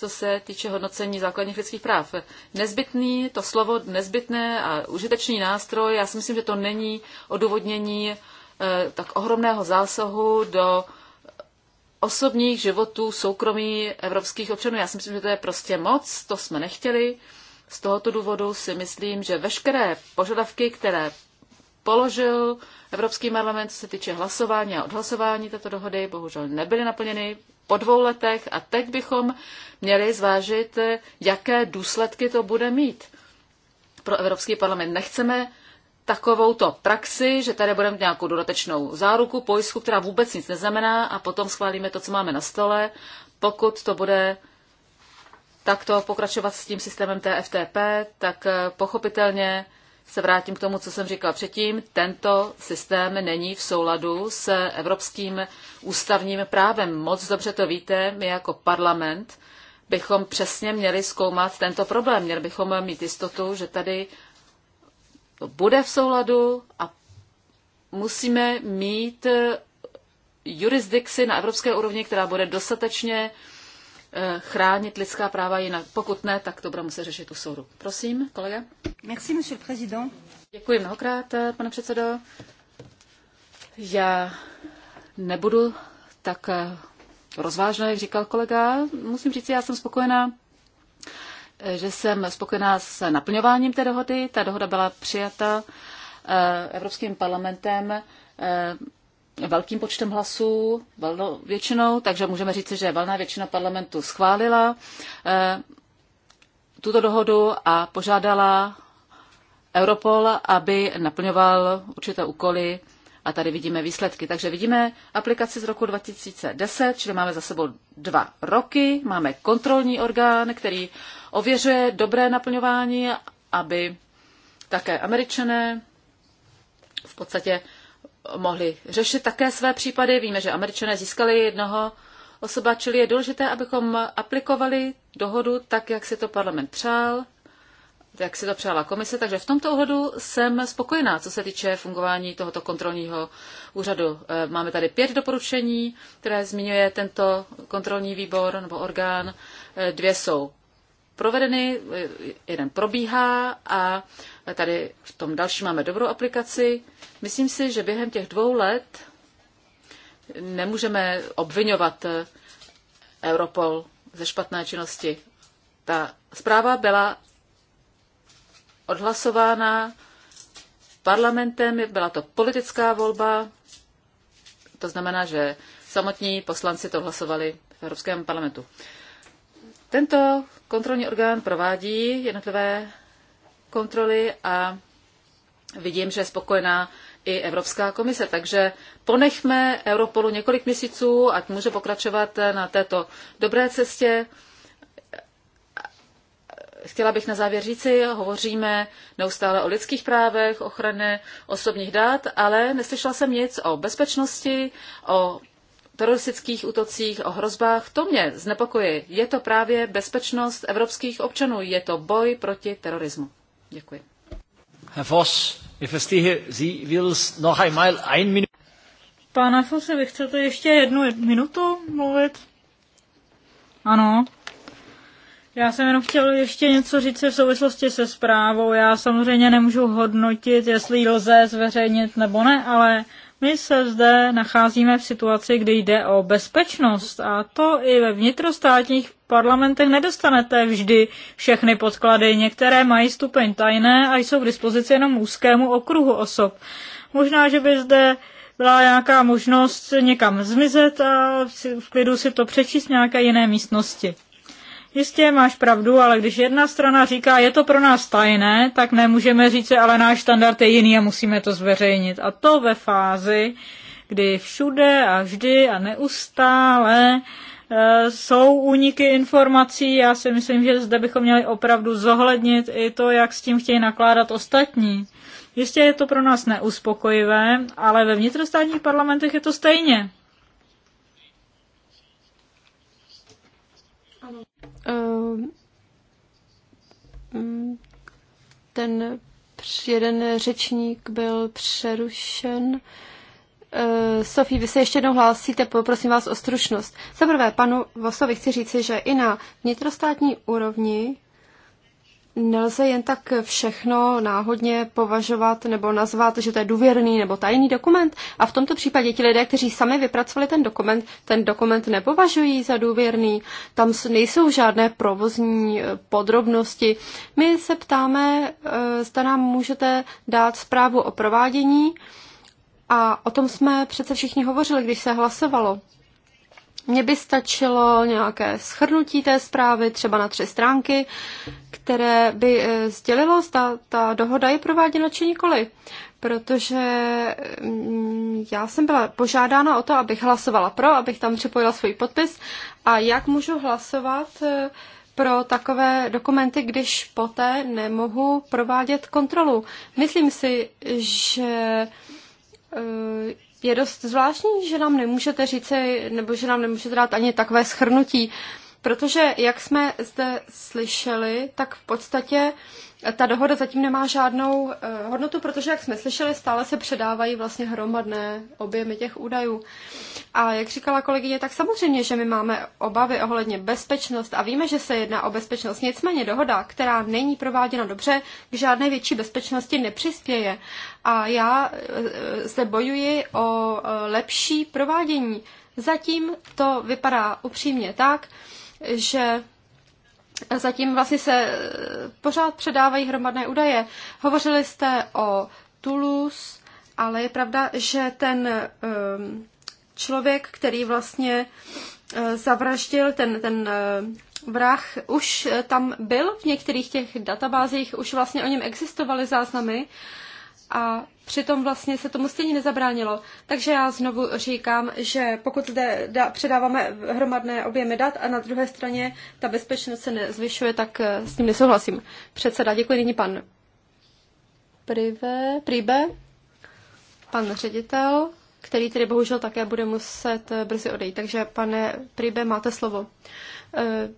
co se týče hodnocení základních lidských práv. Nezbytný, to slovo nezbytné a užitečný nástroj, já si myslím, že to není odůvodnění eh, tak ohromného zásahu do osobních životů, soukromí evropských občanů. Já si myslím, že to je prostě moc, to jsme nechtěli. Z tohoto důvodu si myslím, že veškeré požadavky, které položil Evropský parlament, co se týče hlasování a odhlasování této dohody, bohužel nebyly naplněny po dvou letech a teď bychom měli zvážit, jaké důsledky to bude mít. Pro Evropský parlament nechceme takovouto praxi, že tady budeme nějakou dodatečnou záruku, pojistku, která vůbec nic neznamená a potom schválíme to, co máme na stole, pokud to bude takto pokračovat s tím systémem TFTP, tak eh, pochopitelně se vrátím k tomu, co jsem říkal předtím, tento systém není v souladu s evropským ústavním právem. Moc dobře to víte, my jako parlament bychom přesně měli zkoumat tento problém. Měli bychom mít jistotu, že tady to bude v souladu a musíme mít jurisdikci na evropské úrovni, která bude dostatečně Eh, chránit lidská práva jinak. Pokud ne, tak to bude muset řešit u soudu. Prosím, kolega. Merci, monsieur le président. Děkuji mnohokrát, eh, pane předsedo. Já nebudu tak eh, rozvážná, jak říkal kolega. Musím říct, já jsem spokojená, že jsem spokojená s naplňováním té dohody. Ta dohoda byla přijata Evropským parlamentem velkým počtem hlasů, velnou většinou, takže můžeme říci, že velná většina parlamentu schválila eh, tuto dohodu a požádala Europol, aby naplňoval určité úkoly a tady vidíme výsledky. Takže vidíme aplikaci z roku 2010, čili máme za sebou dva roky, máme kontrolní orgán, který ověřuje dobré naplňování, aby také američané v podstatě mohli řešit také své případy. Víme, že američané získali jednoho osoba, čili je důležité, abychom aplikovali dohodu tak, jak si to parlament přál, jak si to přála komise, takže v tomto ohledu jsem spokojená, co se týče fungování tohoto kontrolního úřadu. Eh, máme tady pět doporučení, které zmiňuje tento kontrolní výbor nebo orgán. Eh, dvě jsou provedeny, eh, jeden probíhá a Tady v tom další máme dobrou aplikaci. Myslím si, že během těch dvou let nemůžeme obvinovat eh, Europol ze špatné činnosti. Ta zpráva byla odhlasována parlamentem, byla to politická volba, to znamená, že samotní poslanci to hlasovali v Evropském parlamentu. Tento kontrolní orgán provádí jednotlivé kontroly a vidím, že je spokojená i Evropská komise. Takže ponechme Europolu několik měsíců, ať může pokračovat na této dobré cestě. Chtěla bych na závěr říci, hovoříme neustále o lidských právech, ochraně osobních dát, ale neslyšela jsem nic o bezpečnosti, o teroristických útocích, o hrozbách. To mě znepokojí. Je to právě bezpečnost evropských občanů, je to boj proti terorismu. Děkuji. Herr Voss, ich verstehe, Sie will noch einmal ein Minute. Pane Fosse, vy chcete ještě jednu minutu mluvit? Ano. Já jsem jenom chtěl ještě něco říct v souvislosti se zprávou. Já samozřejmě nemůžu hodnotit, jestli ji lze zveřejnit nebo ne, ale my se zde nacházíme v situaci, kdy jde o bezpečnost a to i ve vnitrostátních parlamentech nedostanete vždy všechny podklady. Některé mají stupeň tajné a jsou k dispozici jenom úzkému okruhu osob. Možná, že by zde byla nějaká možnost někam zmizet a v klidu si to přečíst v nějaké jiné místnosti. Jistě máš pravdu, ale když jedna strana říká, je to pro nás tajné, tak nemůžeme říct, ale náš standard je jiný a musíme to zveřejnit. A to ve fázi, kdy všude a vždy a neustále Eh, jsou úniky informací. Já si myslím, že zde bychom měli opravdu zohlednit i to, jak s tím chtějí nakládat ostatní. Jistě je to pro nás neuspokojivé, ale ve vnitrostátních parlamentech je to stejně. Eh, mm, ten jeden řečník byl přerušen. Eh, Sofie, vy se ještě jednou hlásíte, poprosím vás o stručnost. Za prvé, panu Vosovi chci říci, že i na vnitrostátní úrovni nelze jen tak všechno náhodně považovat nebo nazvat, že to je důvěrný nebo tajný dokument. A v tomto případě ti lidé, kteří sami vypracovali ten dokument, ten dokument nepovažují za důvěrný. Tam nejsou žádné provozní eh, podrobnosti. My se ptáme, eh, zda nám můžete dát zprávu o provádění a o tom jsme přece všichni hovořili, když se hlasovalo. Mně by stačilo nějaké schrnutí té zprávy, třeba na tři stránky, které by eh, sdělilo, zda ta dohoda je prováděna či nikoli. Protože mm, já jsem byla požádána o to, abych hlasovala pro, abych tam připojila svůj podpis. A jak můžu hlasovat eh, pro takové dokumenty, když poté nemohu provádět kontrolu? Myslím si, že Eh, je dost zvláštní, že nám nemůžete říci, nebo že nám nemůžete dát ani takové schrnutí, protože jak jsme zde slyšeli, tak v podstatě ta dohoda zatím nemá žádnou eh, hodnotu, protože jak jsme slyšeli, stále se předávají vlastně hromadné objemy těch údajů. A jak říkala kolegyně, tak samozřejmě, že my máme obavy ohledně bezpečnost a víme, že se jedná o bezpečnost. Nicméně dohoda, která není prováděna dobře, k žádné větší bezpečnosti nepřispěje. A já se eh, bojuji o eh, lepší provádění. Zatím to vypadá upřímně tak, že zatím vlastně se eh, pořád předávají hromadné údaje. Hovořili jste o Toulouse, ale je pravda, že ten um, člověk, který vlastně eh, zavraždil ten, ten eh, vrah, už eh, tam byl v některých těch databázích, už vlastně o něm existovaly záznamy a přitom vlastně se tomu stejně nezabránilo. Takže já znovu říkám, že pokud zde da, předáváme hromadné objemy dat a na druhé straně ta bezpečnost se nezvyšuje, tak s tím nesouhlasím. Předseda, děkuji, nyní pan Prive, Pribe, pan ředitel který tedy bohužel také bude muset eh, brzy odejít. Takže, pane Pribe, máte slovo. Eh,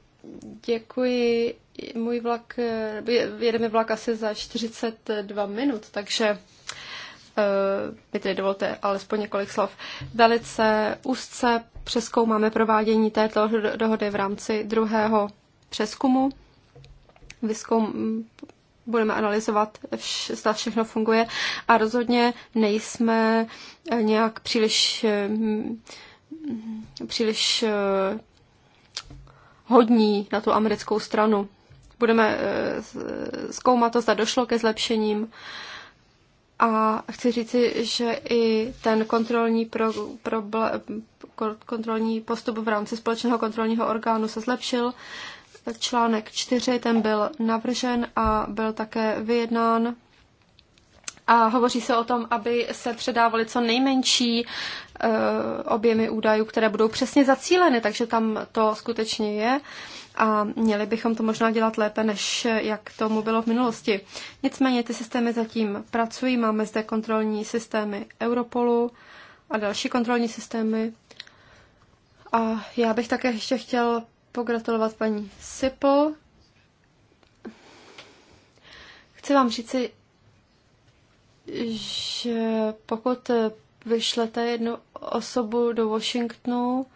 děkuji. Můj vlak, eh, jedeme vlak asi za 42 minut, takže mi tedy dovolte alespoň několik slov. Velice úzce přeskoumáme provádění této dohody v rámci druhého přeskumu. Vyzkoum, budeme analyzovat, zda všechno funguje a rozhodně nejsme eh, nějak příliš, eh, příliš eh, hodní na tu americkou stranu. Budeme zkoumat to, zda došlo ke zlepšením. A chci říci, že i ten kontrolní, pro, pro, kontrolní postup v rámci společného kontrolního orgánu se zlepšil tak článek 4, ten byl navržen a byl také vyjednán. A hovoří se o tom, aby se předávaly co nejmenší eh, objemy údajů, které budou přesně zacíleny, takže tam to skutečně je a měli bychom to možná dělat lépe, než jak tomu bylo v minulosti. Nicméně ty systémy zatím pracují, máme zde kontrolní systémy Europolu a další kontrolní systémy. A já bych také ještě chtěl pogratulovat paní Sipo. Chci vám říci, že pokud vyšlete jednu osobu do Washingtonu,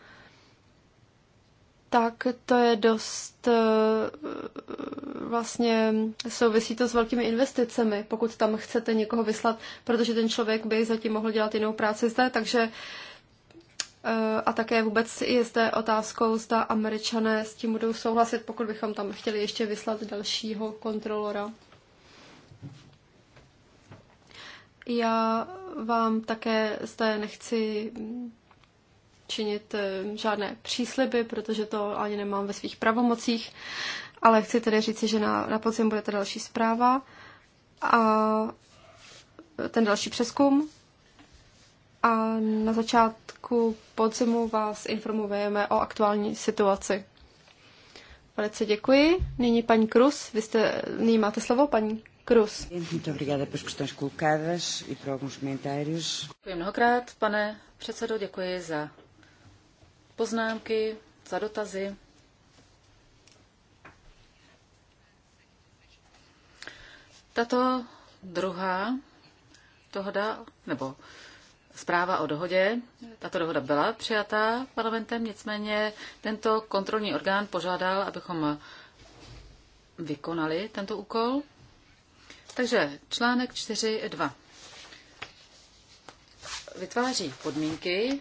tak to je dost eh, vlastně souvisí to s velkými investicemi, pokud tam chcete někoho vyslat, protože ten člověk by zatím mohl dělat jinou práci zde, takže Eh, a také vůbec je zde otázkou, zda američané s tím budou souhlasit, pokud bychom tam chtěli ještě vyslat dalšího kontrolora. Já vám také zde nechci činit eh, žádné přísliby, protože to ani nemám ve svých pravomocích, ale chci tedy říci, že na, na podzim bude ta další zpráva a ten další přeskum a na začátku podzimu vás informujeme o aktuální situaci. Velice děkuji. Nyní paní Krus, vy jste, nyní máte slovo, paní Krus. E děkuji mnohokrát, pane předsedo, děkuji za poznámky, za dotazy. Tato druhá dohoda, nebo zpráva o dohodě. Tato dohoda byla přijatá parlamentem, nicméně tento kontrolní orgán požádal, abychom vykonali tento úkol. Takže článek 4.2 vytváří podmínky,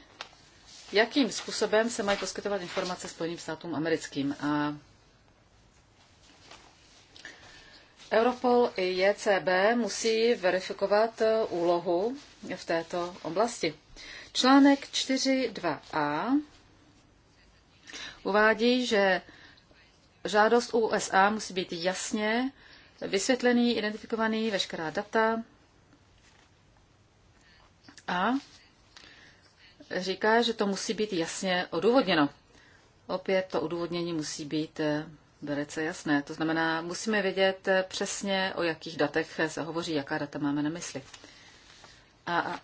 jakým způsobem se mají poskytovat informace Spojeným státům americkým. A Europol i JCB e musí verifikovat eh, úlohu v této oblasti. Článek 4.2a uvádí, že žádost USA musí být jasně vysvětlený, identifikovaný, veškerá data a říká, že to musí být jasně odůvodněno. Opět to odůvodnění musí být eh, velice jasné. To znamená, musíme vědět eh, přesně, o jakých datech se hovoří, jaká data máme na mysli. A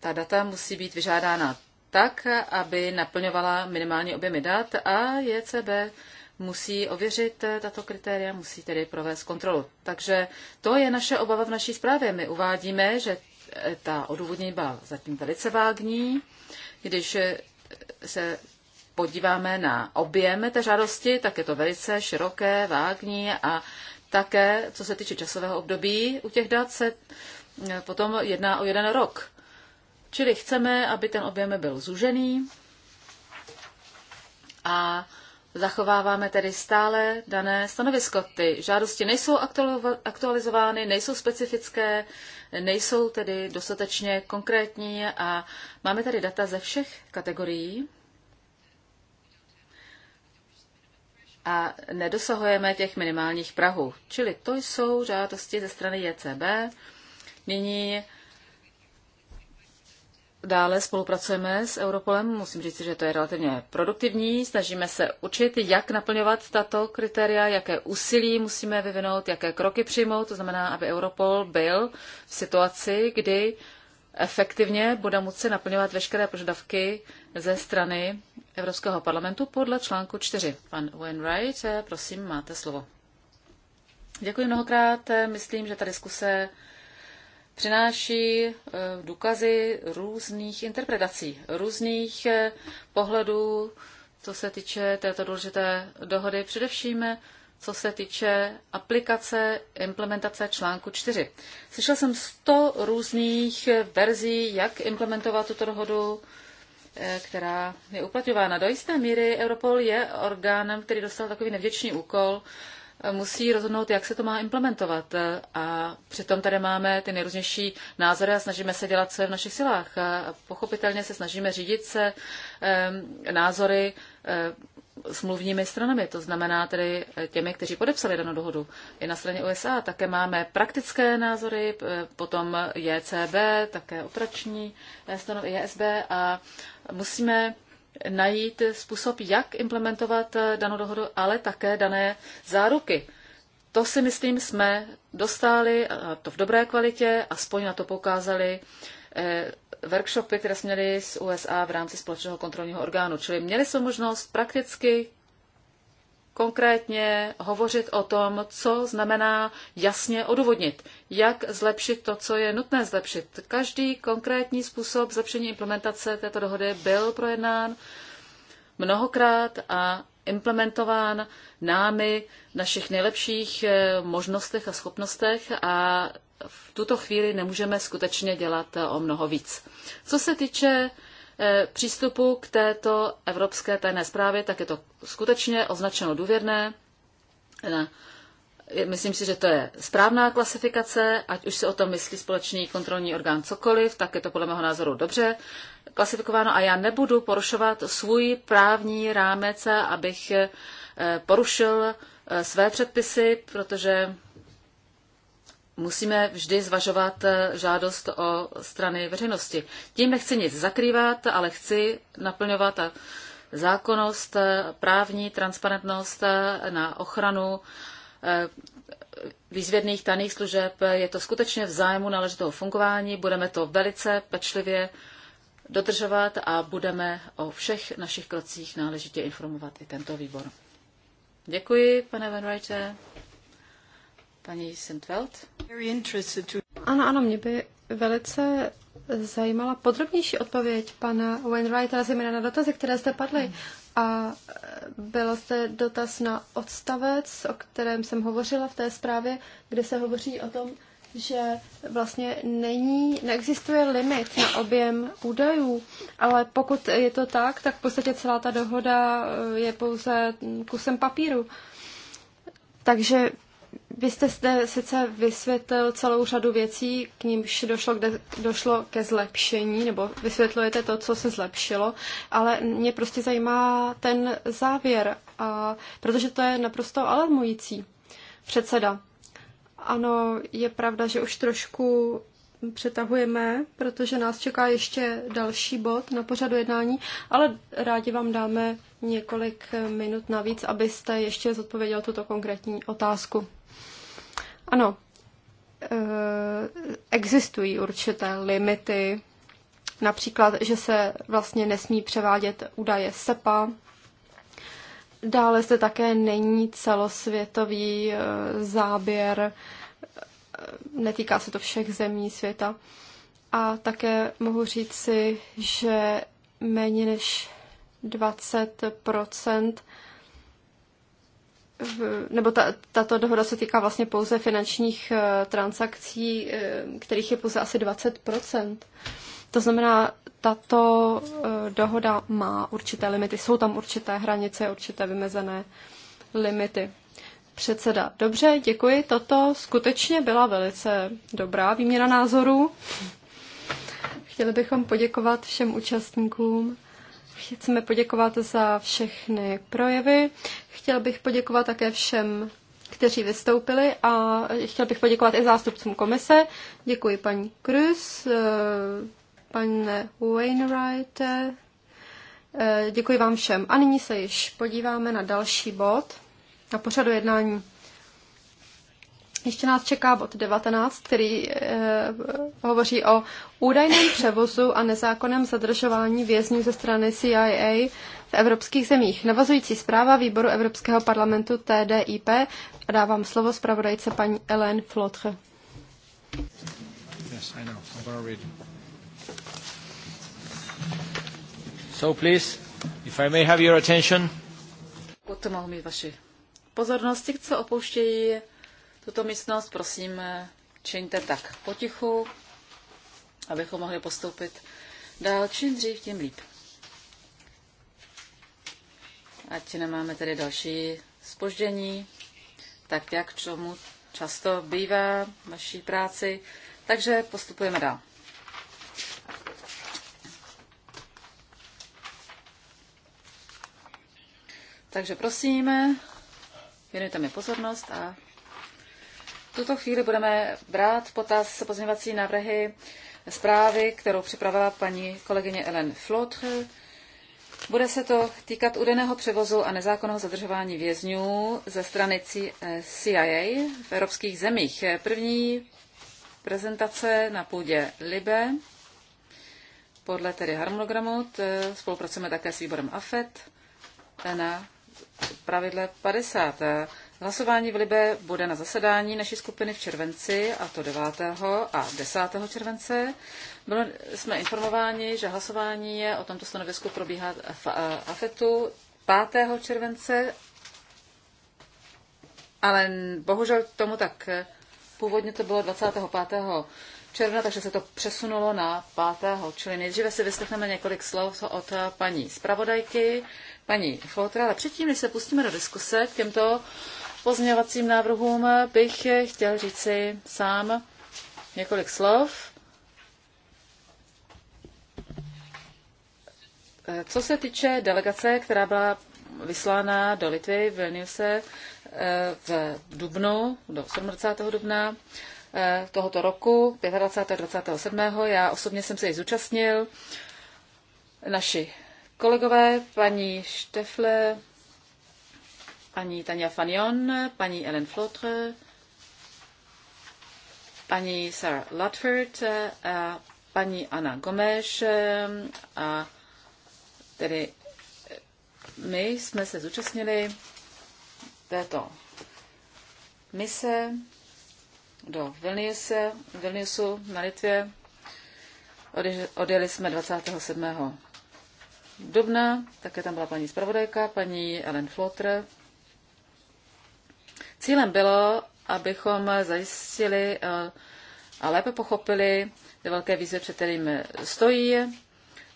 ta data musí být vyžádána tak, aby naplňovala minimální objemy dat a JCB e musí ověřit eh, tato kritéria, musí tedy provést kontrolu. Takže to je naše obava v naší zprávě. My uvádíme, že eh, ta odůvodnění byla zatím velice vágní, když se podíváme na objem té žádosti, tak je to velice široké, vágní a také, co se týče časového období, u těch dat se eh, potom jedná o jeden rok. Čili chceme, aby ten objem byl zúžený a zachováváme tedy stále dané stanovisko. Ty žádosti nejsou aktualizovány, nejsou specifické, nejsou tedy dostatečně konkrétní a máme tady data ze všech kategorií a nedosahujeme těch minimálních prahů. Čili to jsou žádosti ze strany JCB. E Nyní dále spolupracujeme s Europolem. Musím říct, že to je relativně produktivní. Snažíme se učit, jak naplňovat tato kritéria, jaké úsilí musíme vyvinout, jaké kroky přijmout. To znamená, aby Europol byl v situaci, kdy efektivně bude moci naplňovat veškeré požadavky ze strany Evropského parlamentu podle článku 4. Pan Wainwright, prosím, máte slovo. Děkuji mnohokrát. Myslím, že ta diskuse přináší eh, důkazy různých interpretací, různých eh, pohledů, co se týče této důležité dohody. Především co se týče aplikace implementace článku 4. Slyšel jsem 100 různých verzí, jak implementovat tuto dohodu, eh, která je uplatňována. Do jisté míry Europol je orgánem, který dostal takový nevděčný úkol musí rozhodnout, jak se to má implementovat. A přitom tady máme ty nejrůznější názory a snažíme se dělat, co je v našich silách. A pochopitelně se snažíme řídit se názory eh, smluvními stranami, to znamená tedy těmi, kteří podepsali danou dohodu. I na straně USA také máme praktické názory, potom JCB, také operační eh, stanovy ISB a musíme najít způsob, jak implementovat eh, danou dohodu, ale také dané záruky. To si myslím jsme dostali, a to v dobré kvalitě, aspoň na to poukázali eh, workshopy, které jsme měli z USA v rámci společného kontrolního orgánu. Čili měli jsme možnost prakticky konkrétně hovořit o tom, co znamená jasně odůvodnit, jak zlepšit to, co je nutné zlepšit. Každý konkrétní způsob zlepšení implementace této dohody byl projednán mnohokrát a implementován námi v našich nejlepších eh, možnostech a schopnostech a v tuto chvíli nemůžeme skutečně dělat eh, o mnoho víc. Co se týče Eh, přístupu k této evropské tajné zprávě, tak je to skutečně označeno důvěrné. Myslím si, že to je správná klasifikace, ať už se o tom myslí společný kontrolní orgán cokoliv, tak je to podle mého názoru dobře klasifikováno a já nebudu porušovat svůj právní rámec, abych eh, porušil eh, své předpisy, protože musíme vždy zvažovat eh, žádost o strany veřejnosti. Tím nechci nic zakrývat, ale chci naplňovat eh, zákonnost, eh, právní transparentnost na ochranu výzvědných tajných služeb. Je to skutečně v zájmu náležitého fungování, budeme to velice pečlivě dodržovat a budeme o všech našich krocích náležitě informovat i tento výbor. Děkuji, pane Van Reite. Paní Ano, ano, mě by velice zajímala podrobnější odpověď pana Wainwrighta, zejména na dotazy, které zde padly. A e, byl zde dotaz na odstavec, o kterém jsem hovořila v té zprávě, kde se hovoří o tom, že vlastně není, neexistuje limit na objem údajů, ale pokud je to tak, tak v podstatě celá ta dohoda e, je pouze kusem papíru. Takže vy jste zde sice vysvětlil celou řadu věcí, k nímž došlo, kde, došlo ke zlepšení, nebo vysvětlujete to, co se zlepšilo, ale mě prostě zajímá ten závěr, a, protože to je naprosto alarmující. Předseda. Ano, je pravda, že už trošku přetahujeme, protože nás čeká ještě další bod na pořadu jednání, ale rádi vám dáme několik minut navíc, abyste ještě zodpověděl tuto konkrétní otázku. Ano, eh, existují určité limity, například, že se vlastně nesmí převádět údaje SEPA. Dále se také není celosvětový eh, záběr, eh, netýká se to všech zemí světa. A také mohu říct si, že méně než 20 nebo ta, tato dohoda se týká vlastně pouze finančních eh, transakcí, eh, kterých je pouze asi 20 To znamená, tato eh, dohoda má určité limity, jsou tam určité hranice, určité vymezené limity. Předseda, dobře, děkuji. Toto skutečně byla velice dobrá výměna názorů. Chtěli bychom poděkovat všem účastníkům Chceme poděkovat za všechny projevy. Chtěl bych poděkovat také všem, kteří vystoupili a chtěl bych poděkovat i zástupcům komise. Děkuji paní Cruz, eh, paní Wainwright. Eh, děkuji vám všem. A nyní se již podíváme na další bod na pořadu jednání. Ještě nás čeká bod 19, který eh, hovoří o údajném převozu a nezákonném zadržování vězňů ze strany CIA v evropských zemích. Navazující zpráva výboru Evropského parlamentu TDIP a dávám slovo zpravodajce paní Hélène Flotre. Yes, I know. So please, if I may have your attention. Pokud mohu mít vaši pozornosti, co opouštějí tuto místnost. Prosím, eh, čiňte tak potichu, abychom mohli postoupit dál. Čím dřív, tím líp. Ať nemáme tedy další spoždění, tak jak čemu často bývá v naší práci. Takže postupujeme dál. Takže prosím, věnujte mi pozornost a v tuto chvíli budeme brát potaz pozměňovací návrhy zprávy, kterou připravila paní kolegyně Ellen Flotr. Bude se to týkat údeného převozu a nezákonného zadržování vězňů ze strany CIA v evropských zemích. První prezentace na půdě Libe. Podle tedy harmonogramu spolupracujeme také s výborem AFET e na pravidle 50. Hlasování v Libe bude na zasedání naší skupiny v červenci, a to 9. a 10. července. Bylo, jsme informováni, že hlasování je o tomto stanovisku probíhá v eh, AFETu 5. července, ale bohužel tomu tak eh, původně to bylo 25 června, takže se to přesunulo na 5. Čili nejdříve si vyslechneme několik slov od eh, paní zpravodajky, paní Flotra, ale předtím, než se pustíme do diskuse k těmto pozměňovacím návrhům bych chtěl říci sám několik slov. Co se týče delegace, která byla vyslána do Litvy v Vilniuse eh, v dubnu, do 27. dubna eh, tohoto roku, 25. a 27. Já osobně jsem se ji zúčastnil. Naši kolegové, paní Štefle, paní Tania Fanion, paní Ellen Flotre, paní Sarah Ludford eh, a paní Anna Gomes eh, a tedy eh, my jsme se zúčastnili této mise do Vilniuse, Vilniusu na Litvě. Odjeli jsme 27. dubna, také tam byla paní zpravodajka, paní Ellen Flotter, Cílem bylo, abychom zajistili eh, a lépe pochopili velké výzvy, před kterými stojí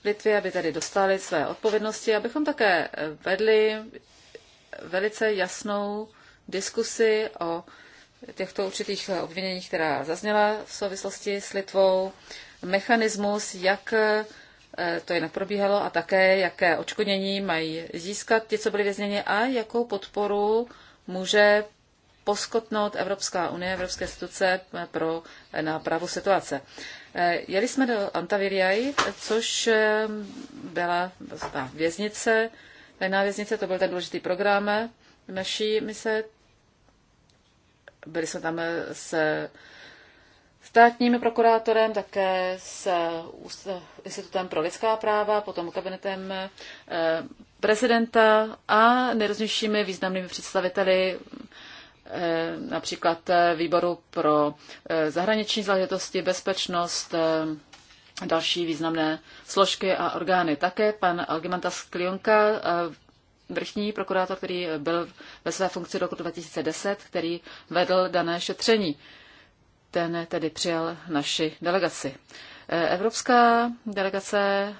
Litvy, aby tady dostali své odpovědnosti, abychom také vedli velice jasnou diskusi o těchto určitých obviněních, která zazněla v souvislosti s Litvou, mechanismus, jak eh, to jinak probíhalo a také, jaké očkodnění mají získat ti, co byli vězněni a jakou podporu může poskotnout Evropská unie, Evropské instituce pro eh, nápravu situace. Eh, jeli jsme do Antaviriaj, což eh, byla ta věznice, tajná věznice, to byl ten důležitý program naší mise. Byli jsme tam se státním prokurátorem, také s Institutem pro lidská práva, potom kabinetem prezidenta a nejrůznějšími významnými představiteli Eh, například eh, výboru pro eh, zahraniční záležitosti, bezpečnost, další významné složky a orgány. Také pan Algimantas Klionka, vrchní prokurátor, který byl ve své funkci roku 2010, který vedl dané šetření. Ten tedy přijal naši delegaci. Evropská delegace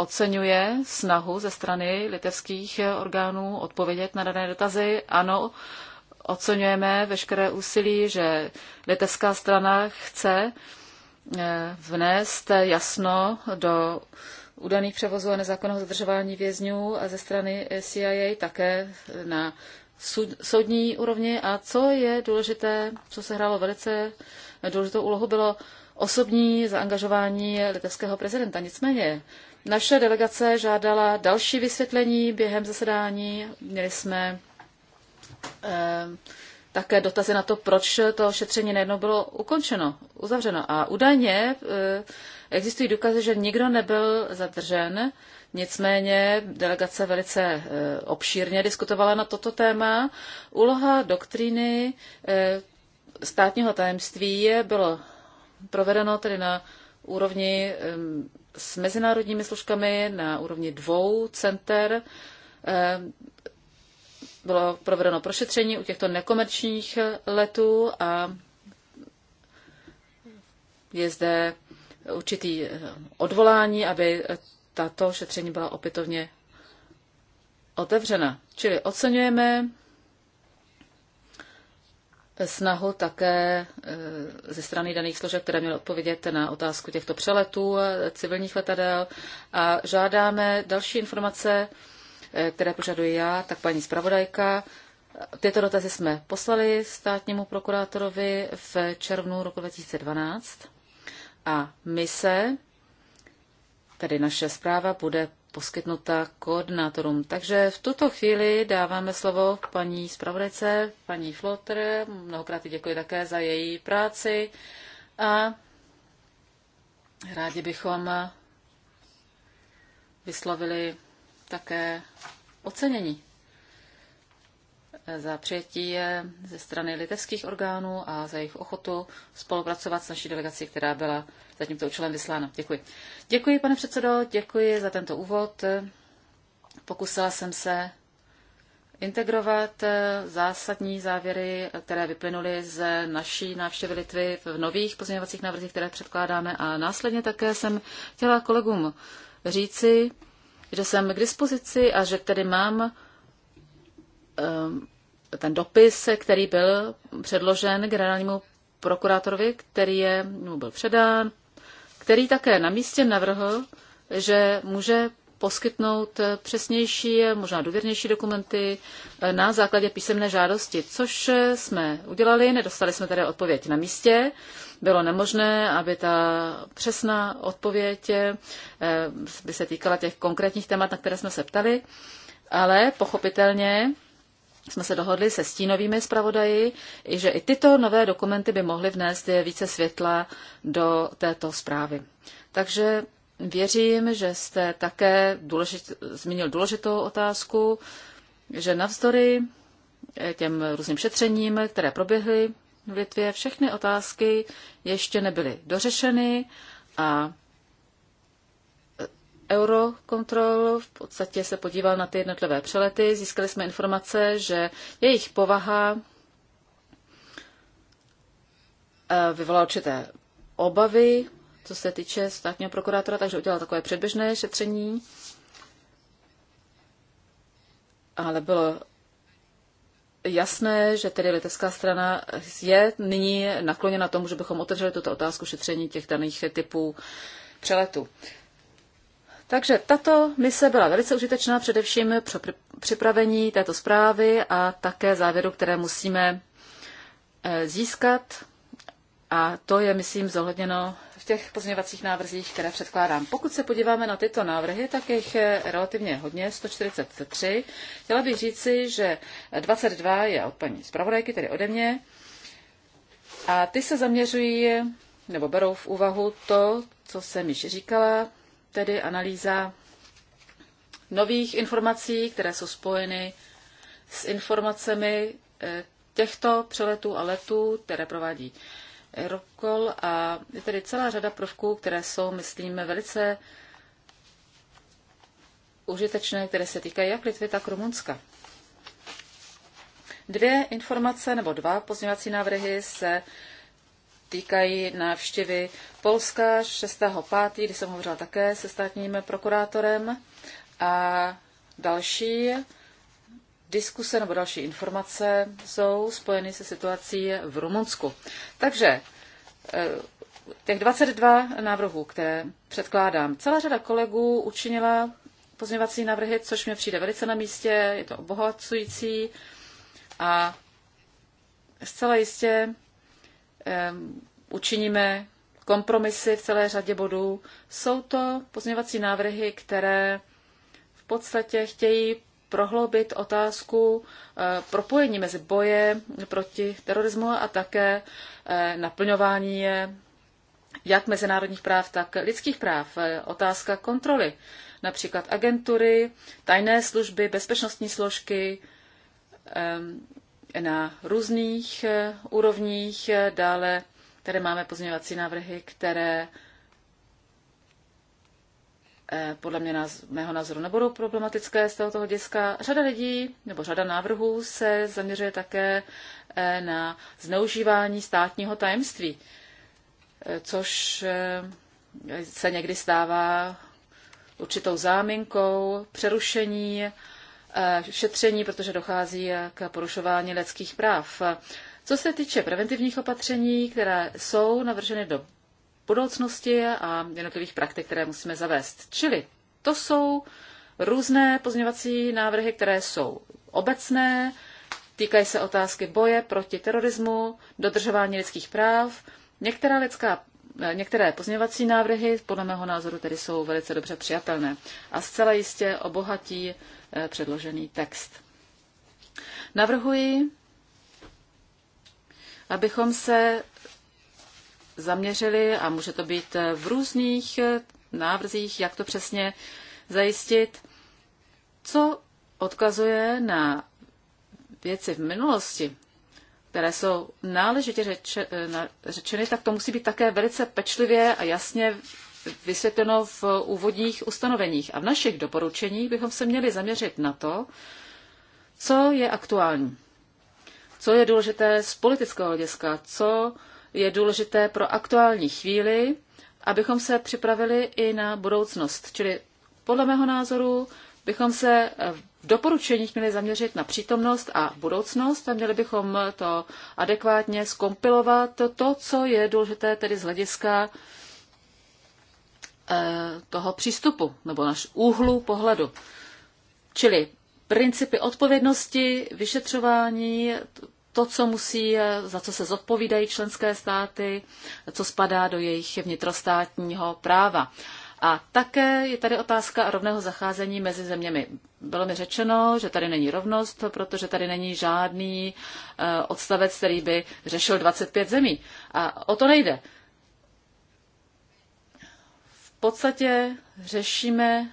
oceňuje snahu ze strany litevských orgánů odpovědět na dané dotazy. Ano, oceňujeme veškeré úsilí, že litevská strana chce eh, vnést jasno do údaných převozů a nezákonného zadržování vězňů a ze strany CIA také na soudní úrovni. A co je důležité, co se hrálo velice důležitou úlohu, bylo osobní zaangažování litevského prezidenta. Nicméně naše delegace žádala další vysvětlení během zasedání. Měli jsme eh, také dotazy na to, proč to šetření nejednou bylo ukončeno, uzavřeno. A údajně eh, existují důkazy, že nikdo nebyl zadržen. Nicméně delegace velice eh, obšírně diskutovala na toto téma. Úloha doktríny státního tajemství bylo provedeno tedy na úrovni s mezinárodními složkami na úrovni dvou center. Eh, bylo provedeno prošetření u těchto nekomerčních letů a je zde určitý eh, odvolání, aby tato šetření byla opětovně otevřena. Čili oceňujeme snahu také eh, ze strany daných složek, které měly odpovědět na otázku těchto přeletů eh, civilních letadel. A žádáme další informace, eh, které požaduji já, tak paní zpravodajka. Tyto dotazy jsme poslali státnímu prokurátorovi v červnu roku 2012 a mise, tedy naše zpráva, bude poskytnuta koordinátorům. Takže v tuto chvíli dáváme slovo paní zpravodajce, paní Flotr. Mnohokrát děkuji také za její práci a rádi bychom vyslovili také ocenění za přijetí ze strany litevských orgánů a za jejich ochotu spolupracovat s naší delegací, která byla za tímto účelem vyslána. Děkuji. Děkuji, pane předsedo, děkuji za tento úvod. Pokusila jsem se integrovat eh, zásadní závěry, které vyplynuly z naší návštěvy Litvy v nových pozměňovacích návrzích, které předkládáme a následně také jsem chtěla kolegům říci, že jsem k dispozici a že tedy mám Eh, ten dopis, který byl předložen generálnímu prokurátorovi, který je, mu no, byl předán, který také na místě navrhl, že může poskytnout eh, přesnější, možná důvěrnější dokumenty eh, na základě písemné žádosti, což jsme udělali, nedostali jsme tedy odpověď na místě. Bylo nemožné, aby ta přesná odpověď by se týkala těch konkrétních témat, na které jsme se ptali, ale pochopitelně jsme se dohodli se stínovými zpravodaji, že i tyto nové dokumenty by mohly vnést více světla do této zprávy. Takže věřím, že jste také důležit, zmínil důležitou otázku, že navzdory eh, těm různým šetřením, které proběhly v Litvě, všechny otázky ještě nebyly dořešeny a Eurocontrol v podstatě se podíval na ty jednotlivé přelety. Získali jsme informace, že jejich povaha eh, vyvolala určité obavy, co se týče státního prokurátora, takže udělal takové předběžné šetření. Ale bylo jasné, že tedy litevská strana je nyní nakloněna tomu, že bychom otevřeli tuto otázku šetření těch daných typů přeletu. Takže tato mise byla velice užitečná především pro připravení této zprávy a také závěru, které musíme eh, získat. A to je, myslím, zohledněno v těch pozměňovacích návrzích, které předkládám. Pokud se podíváme na tyto návrhy, tak jich je relativně hodně, 143. Chtěla bych říci, že 22 je od paní zpravodajky, tedy ode mě. A ty se zaměřují nebo berou v úvahu to, co jsem již říkala, tedy analýza nových informací, které jsou spojeny s informacemi eh, těchto přeletů a letů, které provádí Rokol a je tedy celá řada prvků, které jsou, myslím, velice užitečné, které se týkají jak Litvy, tak Rumunska. Dvě informace nebo dva pozměňovací návrhy se týkají návštěvy Polska 6.5., kdy jsem hovořila také se státním prokurátorem. A další diskuse nebo další informace jsou spojeny se situací v Rumunsku. Takže eh, těch 22 návrhů, které předkládám, celá řada kolegů učinila pozměvací návrhy, což mě přijde velice na místě, je to obohacující a zcela jistě učiníme kompromisy v celé řadě bodů. Jsou to pozměňovací návrhy, které v podstatě chtějí prohloubit otázku eh, propojení mezi boje proti terorismu a také eh, naplňování jak mezinárodních práv, tak lidských práv. Eh, otázka kontroly, například agentury, tajné služby, bezpečnostní složky, na různých eh, úrovních. Eh, dále tady máme pozměňovací návrhy, které eh, podle mě, mého názoru nebudou problematické z tohoto hlediska. Řada lidí nebo řada návrhů se zaměřuje také na zneužívání státního tajemství, což se někdy stává určitou záminkou přerušení Eh, šetření, protože dochází eh, k porušování lidských práv. Co se týče preventivních opatření, které jsou navrženy do budoucnosti a jednotlivých praktik, které musíme zavést. Čili to jsou různé pozměňovací návrhy, které jsou obecné, týkají se otázky boje proti terorismu, dodržování lidských práv. Některá lidská Některé pozměňovací návrhy podle mého názoru tedy jsou velice dobře přijatelné a zcela jistě obohatí eh, předložený text. Navrhuji, abychom se zaměřili, a může to být eh, v různých eh, návrzích, jak to přesně zajistit, co odkazuje na věci v minulosti, které jsou náležitě eh, řečeny, tak to musí být také velice pečlivě a jasně vysvětleno v úvodních ustanoveních. A v našich doporučeních bychom se měli zaměřit na to, co je aktuální, co je důležité z politického hlediska, co je důležité pro aktuální chvíli, abychom se připravili i na budoucnost. Čili podle mého názoru bychom se doporučeních měli zaměřit na přítomnost a budoucnost a měli bychom to adekvátně skompilovat. To, co je důležité tedy z hlediska eh, toho přístupu nebo naš úhlu pohledu. Čili principy odpovědnosti, vyšetřování, to, co musí, eh, za co se zodpovídají členské státy, co spadá do jejich vnitrostátního práva. A také je tady otázka rovného zacházení mezi zeměmi. Bylo mi řečeno, že tady není rovnost, protože tady není žádný eh, odstavec, který by řešil 25 zemí. A o to nejde. V podstatě řešíme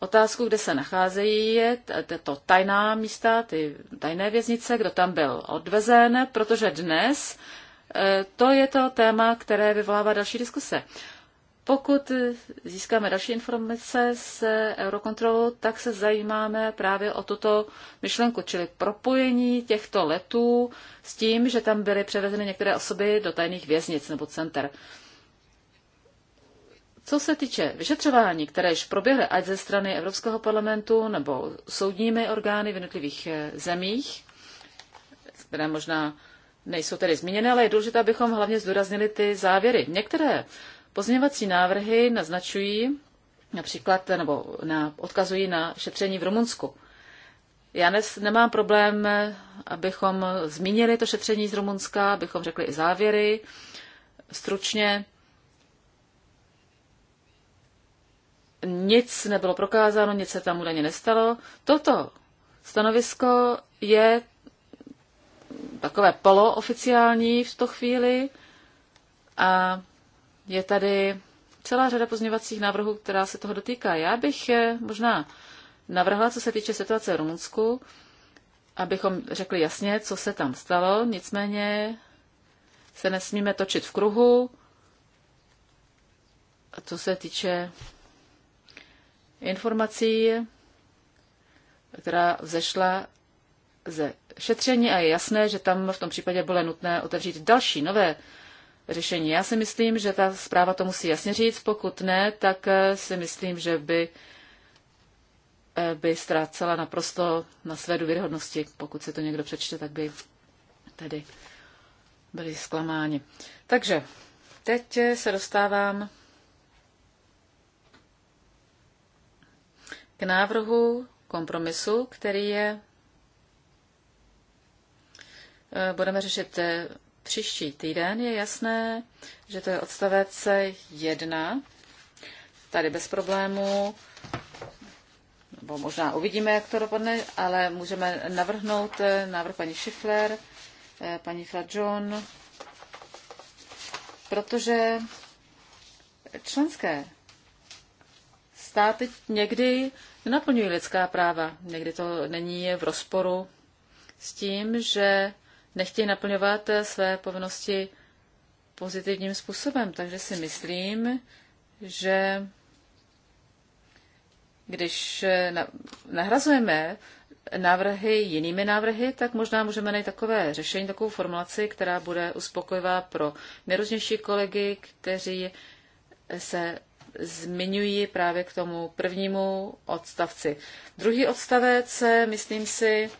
otázku, kde se nacházejí je to tajná místa, ty tajné věznice, kdo tam byl odvezen, protože dnes eh, to je to téma, které vyvolává další diskuse. Pokud získáme další informace z Eurocontrolu, tak se zajímáme právě o tuto myšlenku, čili propojení těchto letů s tím, že tam byly převezeny některé osoby do tajných věznic nebo center. Co se týče vyšetřování, které již proběhly ať ze strany Evropského parlamentu nebo soudními orgány v jednotlivých eh, zemích, které možná nejsou tedy zmíněny, ale je důležité, abychom hlavně zdůraznili ty závěry. Některé Pozměňovací návrhy naznačují například, nebo na, odkazují na šetření v Rumunsku. Já dnes nemám problém, abychom zmínili to šetření z Rumunska, abychom řekli i závěry stručně. Nic nebylo prokázáno, nic se tam údajně nestalo. Toto stanovisko je takové polooficiální v tuto chvíli a je tady celá řada pozměvacích návrhů, která se toho dotýká. Já bych možná navrhla, co se týče situace v Rumunsku, abychom řekli jasně, co se tam stalo, nicméně se nesmíme točit v kruhu, co se týče informací, která vzešla ze šetření a je jasné, že tam v tom případě bylo nutné otevřít další nové řešení. Já si myslím, že ta zpráva to musí jasně říct, pokud ne, tak eh, si myslím, že by, eh, by ztrácela naprosto na své důvěryhodnosti. Pokud si to někdo přečte, tak by tedy byli zklamáni. Takže teď eh, se dostávám k návrhu kompromisu, který je budeme řešit příští týden, je jasné, že to je odstavec 1. Tady bez problému. nebo možná uvidíme, jak to dopadne, ale můžeme navrhnout eh, návrh paní Schiffler, eh, paní Fradžon, protože členské státy někdy naplňují lidská práva. Někdy to není v rozporu s tím, že nechtějí naplňovat eh, své povinnosti pozitivním způsobem. Takže si myslím, že když eh, nahrazujeme návrhy jinými návrhy, tak možná můžeme najít takové řešení, takovou formulaci, která bude uspokojivá pro nejrůznější kolegy, kteří se zmiňují právě k tomu prvnímu odstavci. Druhý odstavec, eh, myslím si,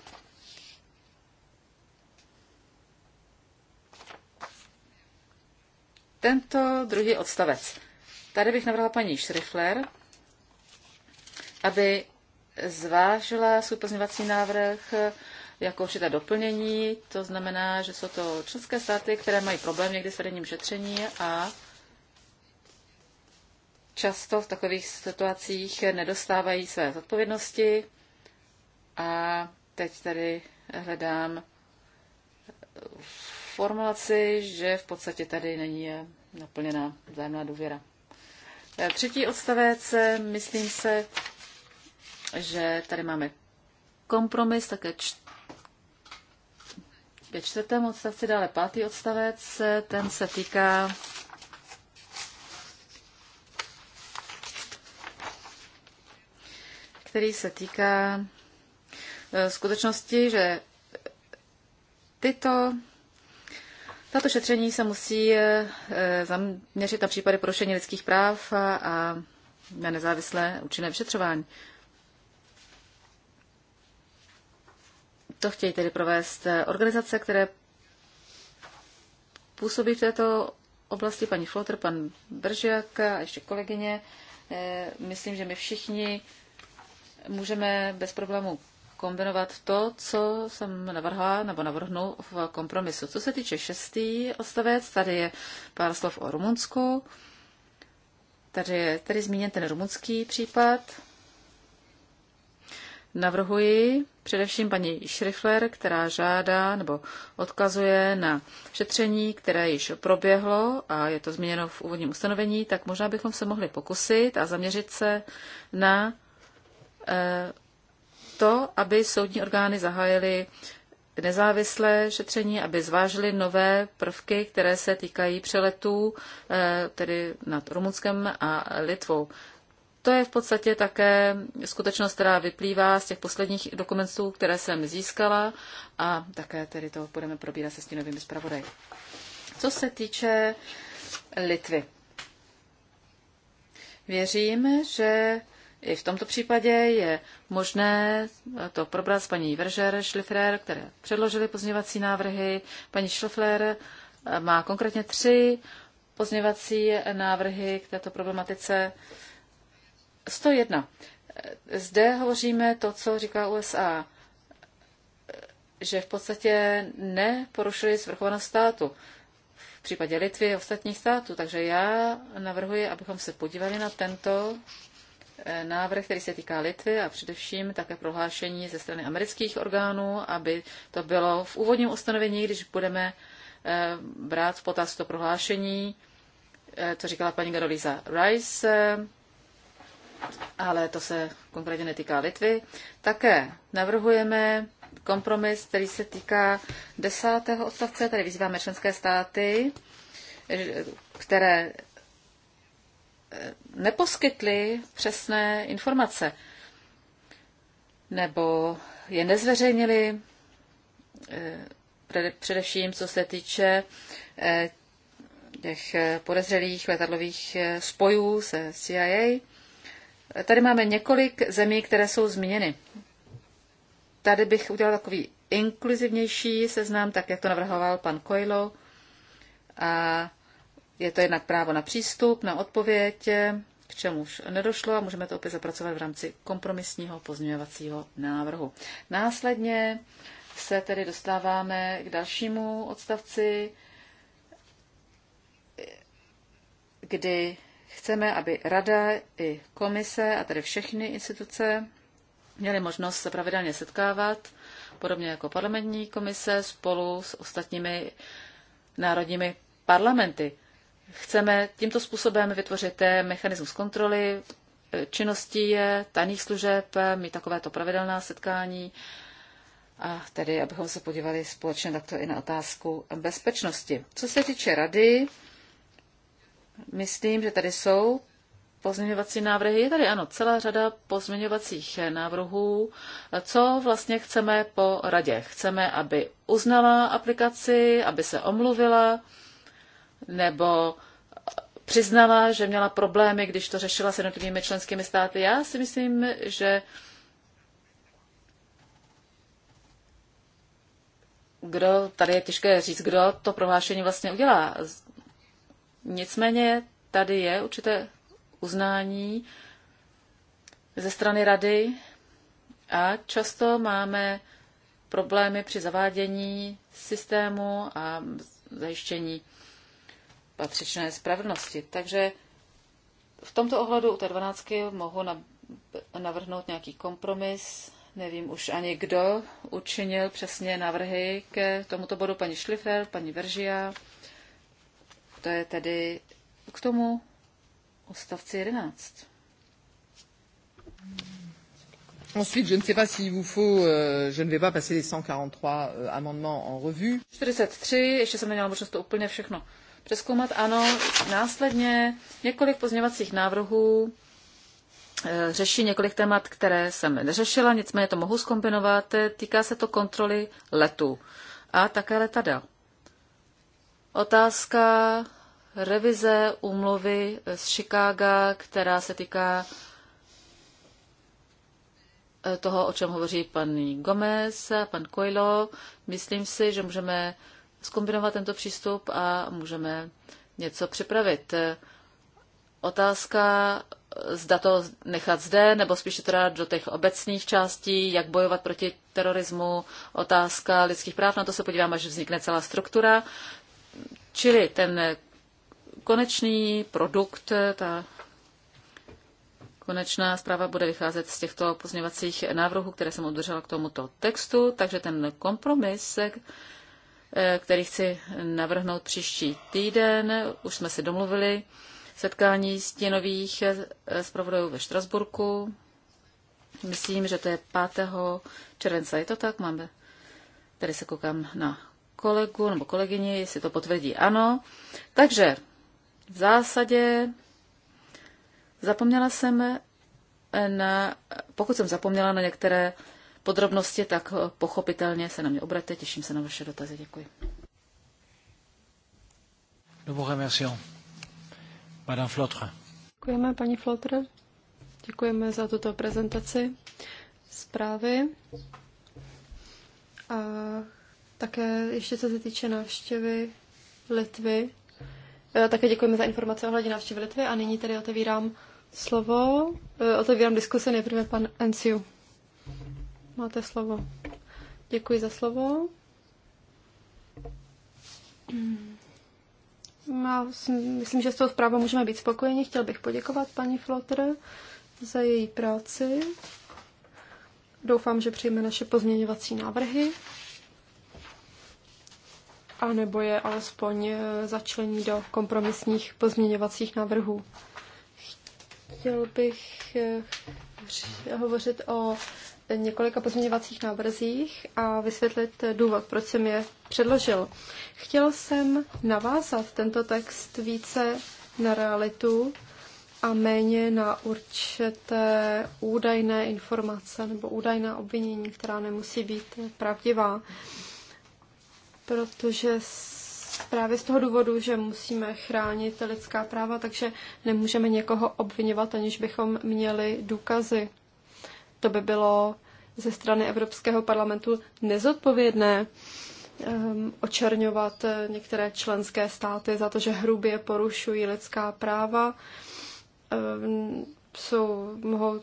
tento druhý odstavec. Tady bych navrhla paní Šrifler, aby zvážila svůj návrh jako určité doplnění. To znamená, že jsou to členské státy, které mají problém někdy s vedením šetření a často v takových situacích nedostávají své zodpovědnosti. A teď tady hledám formulaci, že v podstatě tady není eh, naplněná vzájemná důvěra. Eh, třetí odstavec, eh, myslím se, že tady máme kompromis, také č... ve čtvrtém odstavci, dále pátý odstavec, ten se týká který se týká skutečnosti, že tyto tato šetření se musí eh, eh, zaměřit na případy porušení lidských práv a na nezávislé účinné vyšetřování. To chtějí tedy provést eh, organizace, které působí v této oblasti paní Flotter, pan Bržiak a ještě kolegyně. Myslím, že my všichni můžeme bez problémů kombinovat to, co jsem navrhla nebo navrhnu v kompromisu. Co se týče šestý odstavec, tady je pár slov o Rumunsku. Tady je tady zmíněn ten rumunský případ. Navrhuji především paní Schriffler, která žádá nebo odkazuje na šetření, které již proběhlo a je to změněno v úvodním ustanovení, tak možná bychom se mohli pokusit a zaměřit se na eh, to, aby soudní orgány zahájily nezávislé šetření, aby zvážili nové prvky, které se týkají přeletů, eh, tedy nad Rumunskem a Litvou. To je v podstatě také skutečnost, která vyplývá z těch posledních dokumentů, které jsem získala a také tedy to budeme probírat se stínovými zpravodaji. Co se týče Litvy. Věřím, že i v tomto případě je možné to probrat s paní Veržer Šlifrer, které předložily pozměňovací návrhy. Paní Šlifrer má konkrétně tři pozměňovací návrhy k této problematice. 101. Zde hovoříme to, co říká USA, že v podstatě neporušili svrchovanost státu v případě Litvy a ostatních států. Takže já navrhuji, abychom se podívali na tento návrh, který se týká Litvy a především také prohlášení ze strany amerických orgánů, aby to bylo v úvodním ustanovení, když budeme eh, brát v potaz to prohlášení, eh, co říkala paní Garolíza Rice, ale to se konkrétně netýká Litvy. Také navrhujeme kompromis, který se týká desátého odstavce, tady vyzýváme členské státy, eh, které Eh, neposkytli přesné informace nebo je nezveřejnili, eh, především co se týče eh, těch podezřelých letadlových spojů se CIA. Tady máme několik zemí, které jsou zmíněny. Tady bych udělal takový inkluzivnější seznam, tak jak to navrhoval pan Coelho. A je to jednak právo na přístup, na odpověď, k čemuž nedošlo a můžeme to opět zapracovat v rámci kompromisního pozměňovacího návrhu. Následně se tedy dostáváme k dalšímu odstavci, kdy chceme, aby rada i komise a tedy všechny instituce měly možnost se pravidelně setkávat, podobně jako parlamentní komise spolu s ostatními národními parlamenty. Chceme tímto způsobem vytvořit mechanismus kontroly činností tajných služeb, mít takovéto pravidelná setkání, a tedy, abychom se podívali společně takto i na otázku bezpečnosti. Co se týče rady, myslím, že tady jsou pozměňovací návrhy. Je tady ano, celá řada pozměňovacích návrhů. Co vlastně chceme po radě? Chceme, aby uznala aplikaci, aby se omluvila, nebo přiznala, že měla problémy, když to řešila s jednotlivými členskými státy. Já si myslím, že kdo, tady je těžké říct, kdo to prohlášení vlastně udělá. Nicméně tady je určité uznání ze strany rady a často máme problémy při zavádění systému a zajištění patřičné spravedlnosti. Takže v tomto ohledu u té dvanáctky mohu navrhnout nějaký kompromis. Nevím už ani kdo učinil přesně návrhy k tomuto bodu paní Šlifer, paní Veržia. To je tedy k tomu ustavci 11. Ensuite, je ne sais pas s'il vous faut, euh, je ne vais pas passer les 143 euh, amendements en revue. 43, ještě jsem neměla možnost to úplně všechno přeskoumat. Ano, následně několik pozměvacích návrhů eh, řeší několik témat, které jsem neřešila, nicméně to mohu zkombinovat. Týká se to kontroly letů a také letadel. Otázka revize úmluvy z Chicaga, která se týká eh, toho, o čem hovoří paní Gomez, pan Coilo. Myslím si, že můžeme zkombinovat tento přístup a můžeme něco připravit. Otázka, zda to nechat zde, nebo spíše teda do těch obecných částí, jak bojovat proti terorismu, otázka lidských práv, na to se podíváme, až vznikne celá struktura. Čili ten konečný produkt, ta konečná zpráva bude vycházet z těchto pozměvacích návrhů, které jsem obdržela k tomuto textu, takže ten kompromis, Eh, který chci navrhnout příští týden. Už jsme si domluvili setkání stěnových eh, zpravodajů ve Štrasburku. Myslím, že to je 5. července. Je to tak? Máme. Tady se koukám na kolegu nebo kolegyni, jestli to potvrdí. Ano. Takže v zásadě zapomněla jsem na, pokud jsem zapomněla na některé podrobnosti, tak eh, pochopitelně se na mě obraťte. Těším se na vaše dotazy. Děkuji. Děkujeme, paní Flotr. Děkujeme za tuto prezentaci zprávy. A také ještě co se týče návštěvy Litvy, eh, také děkujeme za informace ohledně návštěvy Litvy a nyní tedy otevírám slovo, eh, otevírám diskusi nejprve pan Enciu. Máte slovo. Děkuji za slovo. Má, no, myslím, že s tou zprávou můžeme být spokojeni. Chtěl bych poděkovat paní Flotr za její práci. Doufám, že přijme naše pozměňovací návrhy. A nebo je alespoň eh, začlení do kompromisních pozměňovacích návrhů. Chtěl bych eh, hovořit o několika pozměňovacích návrzích a vysvětlit důvod, proč jsem je předložil. Chtěl jsem navázat tento text více na realitu a méně na určité údajné informace nebo údajná obvinění, která nemusí být pravdivá. Protože právě z toho důvodu, že musíme chránit lidská práva, takže nemůžeme někoho obvinovat, aniž bychom měli důkazy. To by bylo ze strany Evropského parlamentu nezodpovědné um, očerňovat eh, některé členské státy za to, že hrubě porušují lidská práva. Um, jsou, mohou,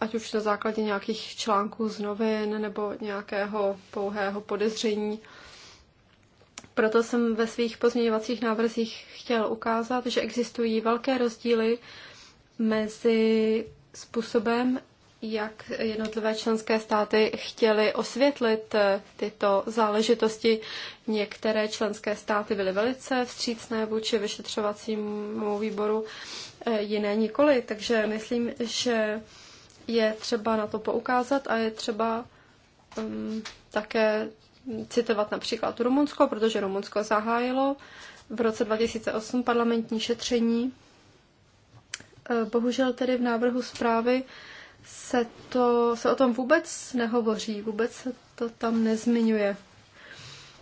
ať už na základě nějakých článků z novin nebo nějakého pouhého podezření. Proto jsem ve svých pozměňovacích návrzích chtěl ukázat, že existují velké rozdíly mezi způsobem, jak jednotlivé členské státy chtěly osvětlit eh, tyto záležitosti. Některé členské státy byly velice vstřícné vůči vyšetřovacímu výboru, eh, jiné nikoli. Takže myslím, že je třeba na to poukázat a je třeba um, také citovat například Rumunsko, protože Rumunsko zahájilo v roce 2008 parlamentní šetření. Eh, bohužel tedy v návrhu zprávy uh, se, to, se o tom vůbec nehovoří, vůbec se to tam nezmiňuje.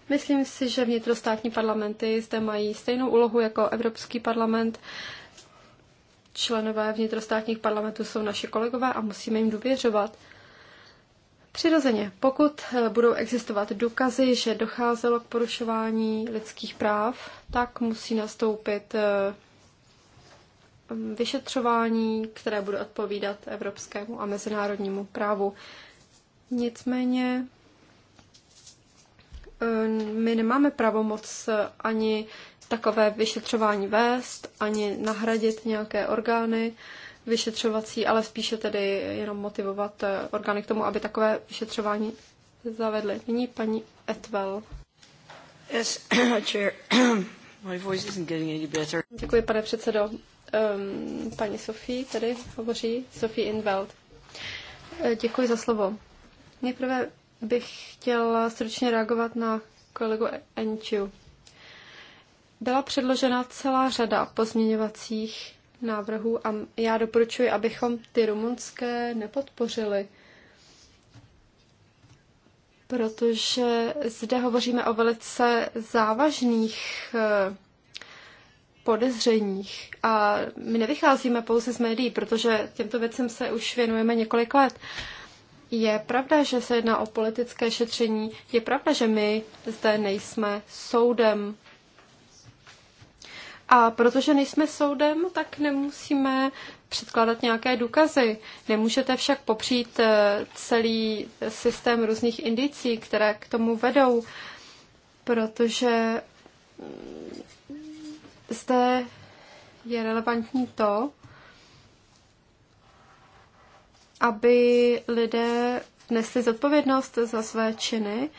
Myslím si, že vnitrostátní parlamenty zde mají stejnou úlohu jako Evropský parlament. Členové vnitrostátních parlamentů jsou naši kolegové a musíme jim důvěřovat. Přirozeně, pokud eh, budou existovat důkazy, že docházelo k porušování lidských práv, tak musí nastoupit eh, Um, vyšetřování, které bude odpovídat evropskému a mezinárodnímu právu. Nicméně um, my nemáme pravomoc ani takové vyšetřování vést, ani nahradit nějaké orgány vyšetřovací, ale spíše tedy jenom motivovat uh, orgány k tomu, aby takové vyšetřování zavedly. Nyní paní Etwell. Yes, chair. My voice isn't getting any better. Děkuji, pane předsedo um, paní Sofie, tady hovoří Sofie Inveld. Eh, děkuji za slovo. Nejprve bych chtěla stručně reagovat na kolegu Enčiu. Byla předložena celá řada pozměňovacích návrhů a já doporučuji, abychom ty rumunské nepodpořili, protože zde hovoříme o velice závažných eh, podezřeních. A my nevycházíme pouze z médií, protože těmto věcem se už věnujeme několik let. Je pravda, že se jedná o politické šetření, je pravda, že my zde nejsme soudem. A protože nejsme soudem, tak nemusíme předkládat nějaké důkazy. Nemůžete však popřít eh, celý systém různých indicí, které k tomu vedou, protože zde je relevantní to, aby lidé nesli zodpovědnost za své činy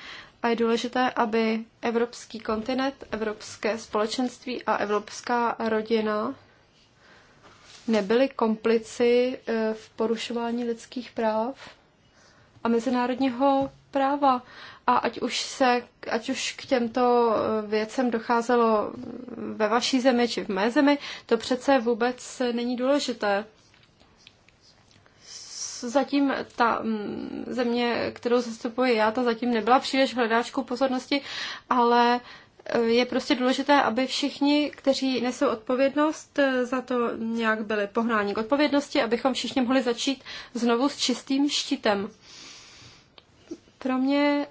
a je důležité, aby evropský kontinent, evropské společenství a evropská rodina nebyli komplici eh, v porušování lidských práv a mezinárodního práva a ať už, se, ať už k těmto eh, věcem docházelo ve vaší zemi či v mé zemi, to přece vůbec není důležité. Zatím ta mm, země, kterou zastupuji já, ta zatím nebyla příliš hledáčkou pozornosti, ale eh, je prostě důležité, aby všichni, kteří nesou odpovědnost, eh, za to nějak byli pohnáni k odpovědnosti, abychom všichni mohli začít znovu s čistým štítem. Pro mě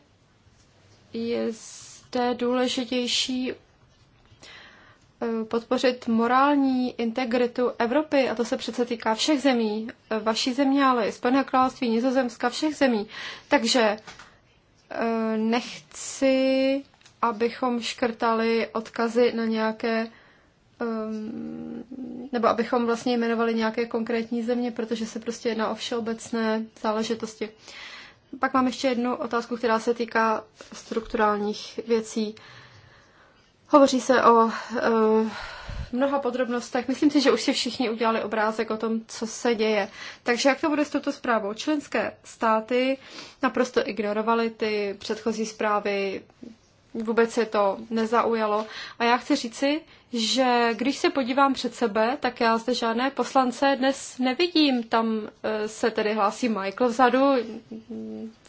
je zde důležitější eh, podpořit morální integritu Evropy, a to se přece týká všech zemí, eh, vaší země, ale i Spojeného království, Nizozemska, všech zemí. Takže eh, nechci, abychom škrtali odkazy na nějaké ehm, nebo abychom vlastně jmenovali nějaké konkrétní země, protože se prostě jedná o všeobecné záležitosti. Pak mám ještě jednu otázku, která se týká strukturálních věcí. Hovoří se o uh, mnoha podrobnostech. Myslím si, že už si všichni udělali obrázek o tom, co se děje. Takže jak to bude s touto zprávou? Členské státy naprosto ignorovaly ty předchozí zprávy, vůbec je to nezaujalo. A já chci říci, že když se podívám před sebe, tak já zde žádné poslance dnes nevidím. Tam eh, se tedy hlásí Michael vzadu,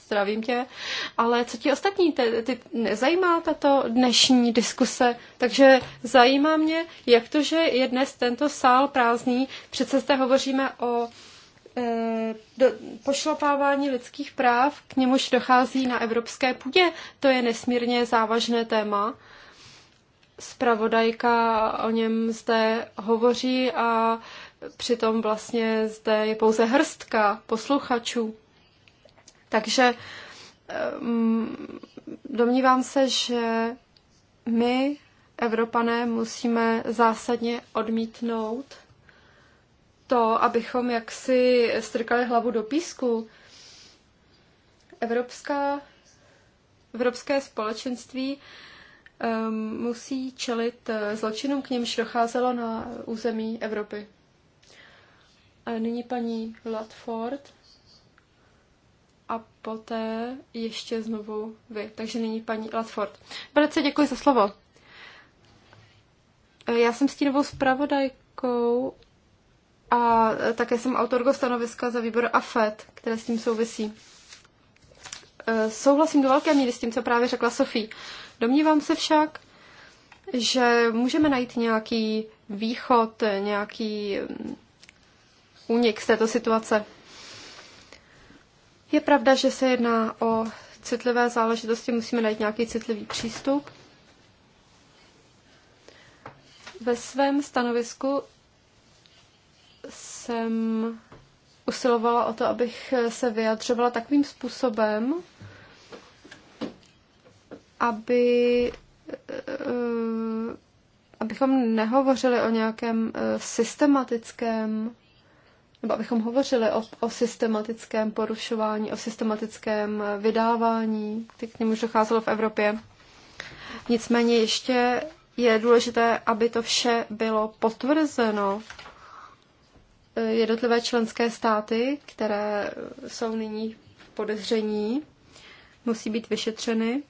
zdravím tě. Ale co ti ostatní, ty, ty nezajímá tato dnešní diskuse? Takže zajímá mě, jak to, že je dnes tento sál prázdný. Přece zde hovoříme o Eh, do, pošlapávání lidských práv, k němuž dochází na evropské půdě, to je nesmírně závažné téma. Spravodajka o něm zde hovoří a přitom vlastně zde je pouze hrstka posluchačů. Takže eh, mm, domnívám se, že my, Evropané, musíme zásadně odmítnout to, abychom jaksi strkali hlavu do písku. Evropská, Evropské společenství um, musí čelit eh, zločinům, k němž docházelo na území Evropy. A nyní paní Latford a poté ještě znovu vy. Takže nyní paní Latford. Velice děkuji za slovo. Eh, já jsem stínovou zpravodajkou a také jsem autorko stanoviska za výbor AFET, které s tím souvisí. E, souhlasím do velké míry s tím, co právě řekla Sofie. Domnívám se však, že můžeme najít nějaký východ, nějaký mm, únik z této situace. Je pravda, že se jedná o citlivé záležitosti, musíme najít nějaký citlivý přístup. Ve svém stanovisku jsem usilovala o to, abych se vyjadřovala takovým způsobem, aby, eh, abychom nehovořili o nějakém eh, systematickém, nebo abychom hovořili o, o systematickém porušování, o systematickém eh, vydávání, k němuž docházelo v Evropě. Nicméně ještě je důležité, aby to vše bylo potvrzeno Eh, jednotlivé členské státy, které jsou nyní v podezření, musí být vyšetřeny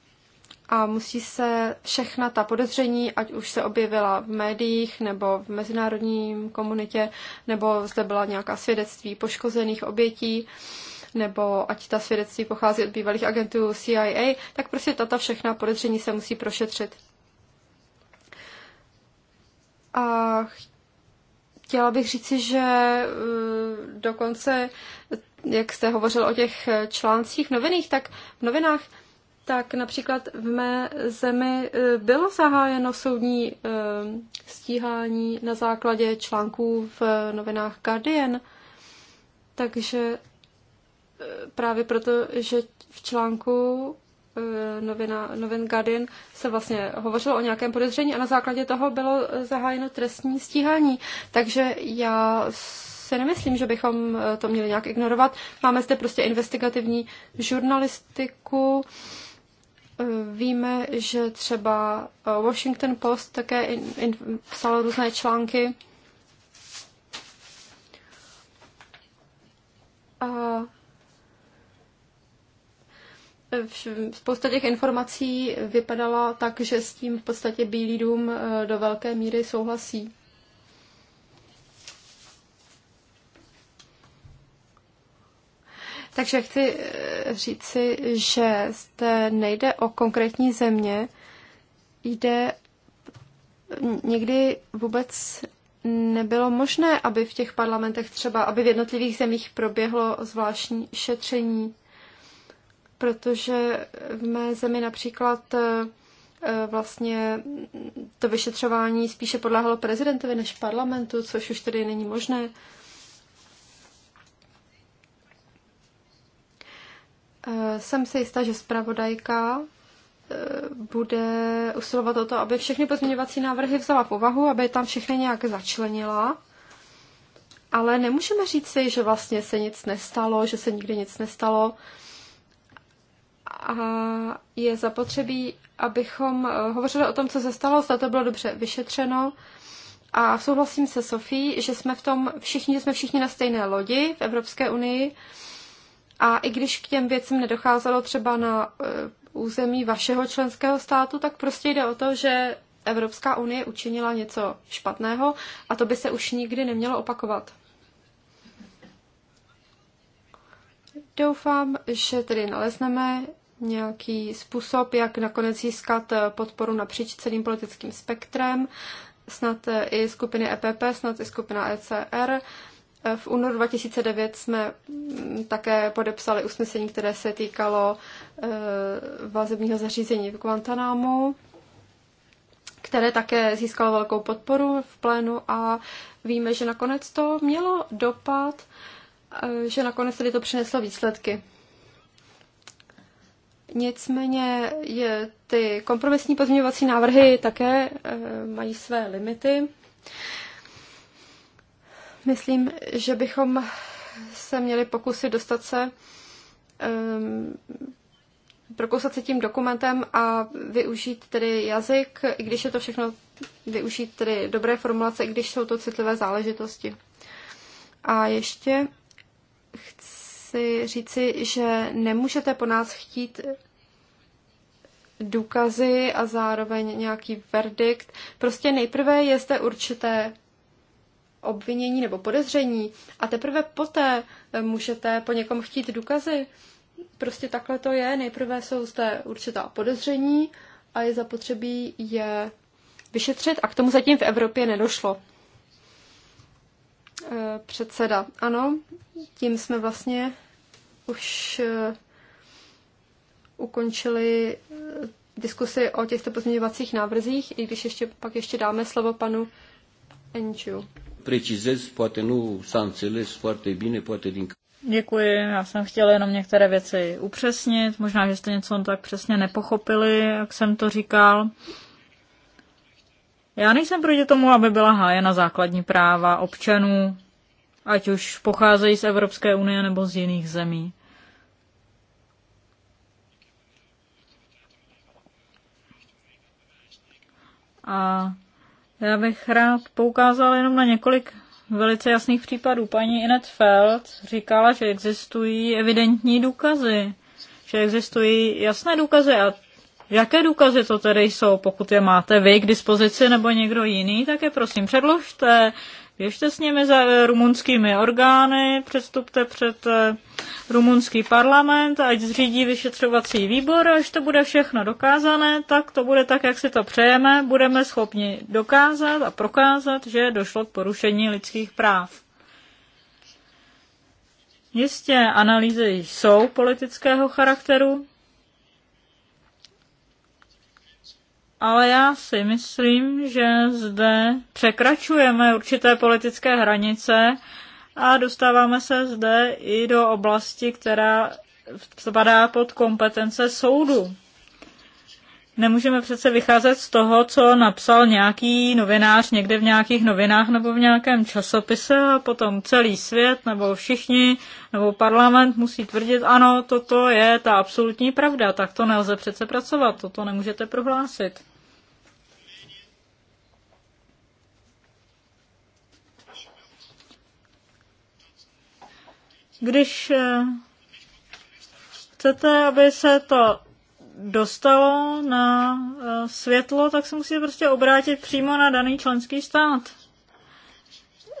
a musí se všechna ta podezření, ať už se objevila v médiích nebo v mezinárodní komunitě, nebo zde byla nějaká svědectví poškozených obětí, nebo ať ta svědectví pochází od bývalých agentů CIA, tak prostě tato všechna podezření se musí prošetřit. A Chtěla bych říci, že eh, dokonce, jak jste hovořil o těch eh, článcích novinách, tak v novinách, tak například v mé zemi eh, bylo zahájeno soudní stíhání na základě článků v novinách Guardian. Takže právě proto, že v článku Eh, novina, novin Guardian se vlastně hovořilo o nějakém podezření a na základě toho bylo zahájeno trestní stíhání. Takže já se nemyslím, že bychom eh, to měli nějak ignorovat. Máme zde prostě investigativní žurnalistiku. Eh, víme, že třeba Washington Post také in, in, psal různé články. A spousta těch informací vypadala tak, že s tím v podstatě Bílý dům eh, do velké míry souhlasí. Takže chci eh, říci, že zde nejde o konkrétní země, jde mm, někdy vůbec nebylo možné, aby v těch parlamentech třeba, aby v jednotlivých zemích proběhlo zvláštní šetření protože v mé zemi například eh, eh, vlastně to vyšetřování spíše podléhalo prezidentovi než parlamentu, což už tedy není možné. Eh, jsem si jistá, že zpravodajka bude usilovat o to, aby všechny pozměňovací návrhy vzala v úvahu, aby je tam všechny nějak začlenila. Ale nemůžeme říct si, že vlastně se nic nestalo, že se nikdy nic nestalo. Uh, a je zapotřebí, abychom eh, hovořili o tom, co se stalo, zda to bylo dobře vyšetřeno. A souhlasím se Sofí, že jsme v tom všichni, jsme všichni na stejné lodi v Evropské unii. A i když k těm věcem nedocházelo třeba na eh, území vašeho členského státu, tak prostě jde o to, že Evropská unie učinila něco špatného a to by se už nikdy nemělo opakovat. Doufám, že tedy nalezneme nějaký způsob, jak nakonec získat podporu napříč celým politickým spektrem, snad i skupiny EPP, snad i skupina ECR. V únoru 2009 jsme také podepsali usnesení, které se týkalo eh, vazebního zařízení v Guantanámu, které také získalo velkou podporu v plénu a víme, že nakonec to mělo dopad, eh, že nakonec tedy to přineslo výsledky. Nicméně je, ty kompromisní pozměňovací návrhy také eh, mají své limity. Myslím, že bychom se měli pokusit dostat se ehm, prokousat se tím dokumentem a využít tedy jazyk, i když je to všechno, využít tedy dobré formulace, i když jsou to citlivé záležitosti. A ještě chci si říci, že nemůžete po nás chtít důkazy a zároveň nějaký verdikt. Prostě nejprve je zde určité obvinění nebo podezření a teprve poté eh, můžete po někom chtít důkazy. Prostě takhle to je. Nejprve jsou zde určitá podezření a je zapotřebí je vyšetřit a k tomu zatím v Evropě nedošlo. Eh, předseda. Ano, tím jsme vlastně už eh, ukončili eh, diskusy o těchto pozměňovacích návrzích, i když ještě, pak ještě dáme slovo panu Enčiu. Precizez, poate nu s-a înțeles foarte bine, poate din... Děkuji, já jsem chtěla jenom některé věci upřesnit, možná, že jste něco tak přesně nepochopili, jak jsem to říkal. Já nejsem proti tomu, aby byla hájena základní práva občanů, ať už pocházejí z Evropské unie nebo z jiných zemí. A já bych rád poukázal jenom na několik velice jasných případů. Paní Inet Feld říkala, že existují evidentní důkazy, že existují jasné důkazy a Jaké důkazy to tedy jsou, pokud je máte vy k dispozici nebo někdo jiný, tak je prosím předložte, běžte s nimi za eh, rumunskými orgány, přestupte před eh, rumunský parlament, ať zřídí vyšetřovací výbor, až to bude všechno dokázané, tak to bude tak, jak si to přejeme, budeme schopni dokázat a prokázat, že došlo k porušení lidských práv. Jistě analýzy jsou politického charakteru, ale já si myslím, že zde překračujeme určité politické hranice a dostáváme se zde i do oblasti, která spadá pod kompetence soudu. Nemůžeme přece vycházet z toho, co napsal nějaký novinář někde v nějakých novinách nebo v nějakém časopise a potom celý svět nebo všichni nebo parlament musí tvrdit, ano, toto je ta absolutní pravda, tak to nelze přece pracovat, toto nemůžete prohlásit. Když eh, chcete, aby se to dostalo na eh, světlo, tak se musíte prostě obrátit přímo na daný členský stát.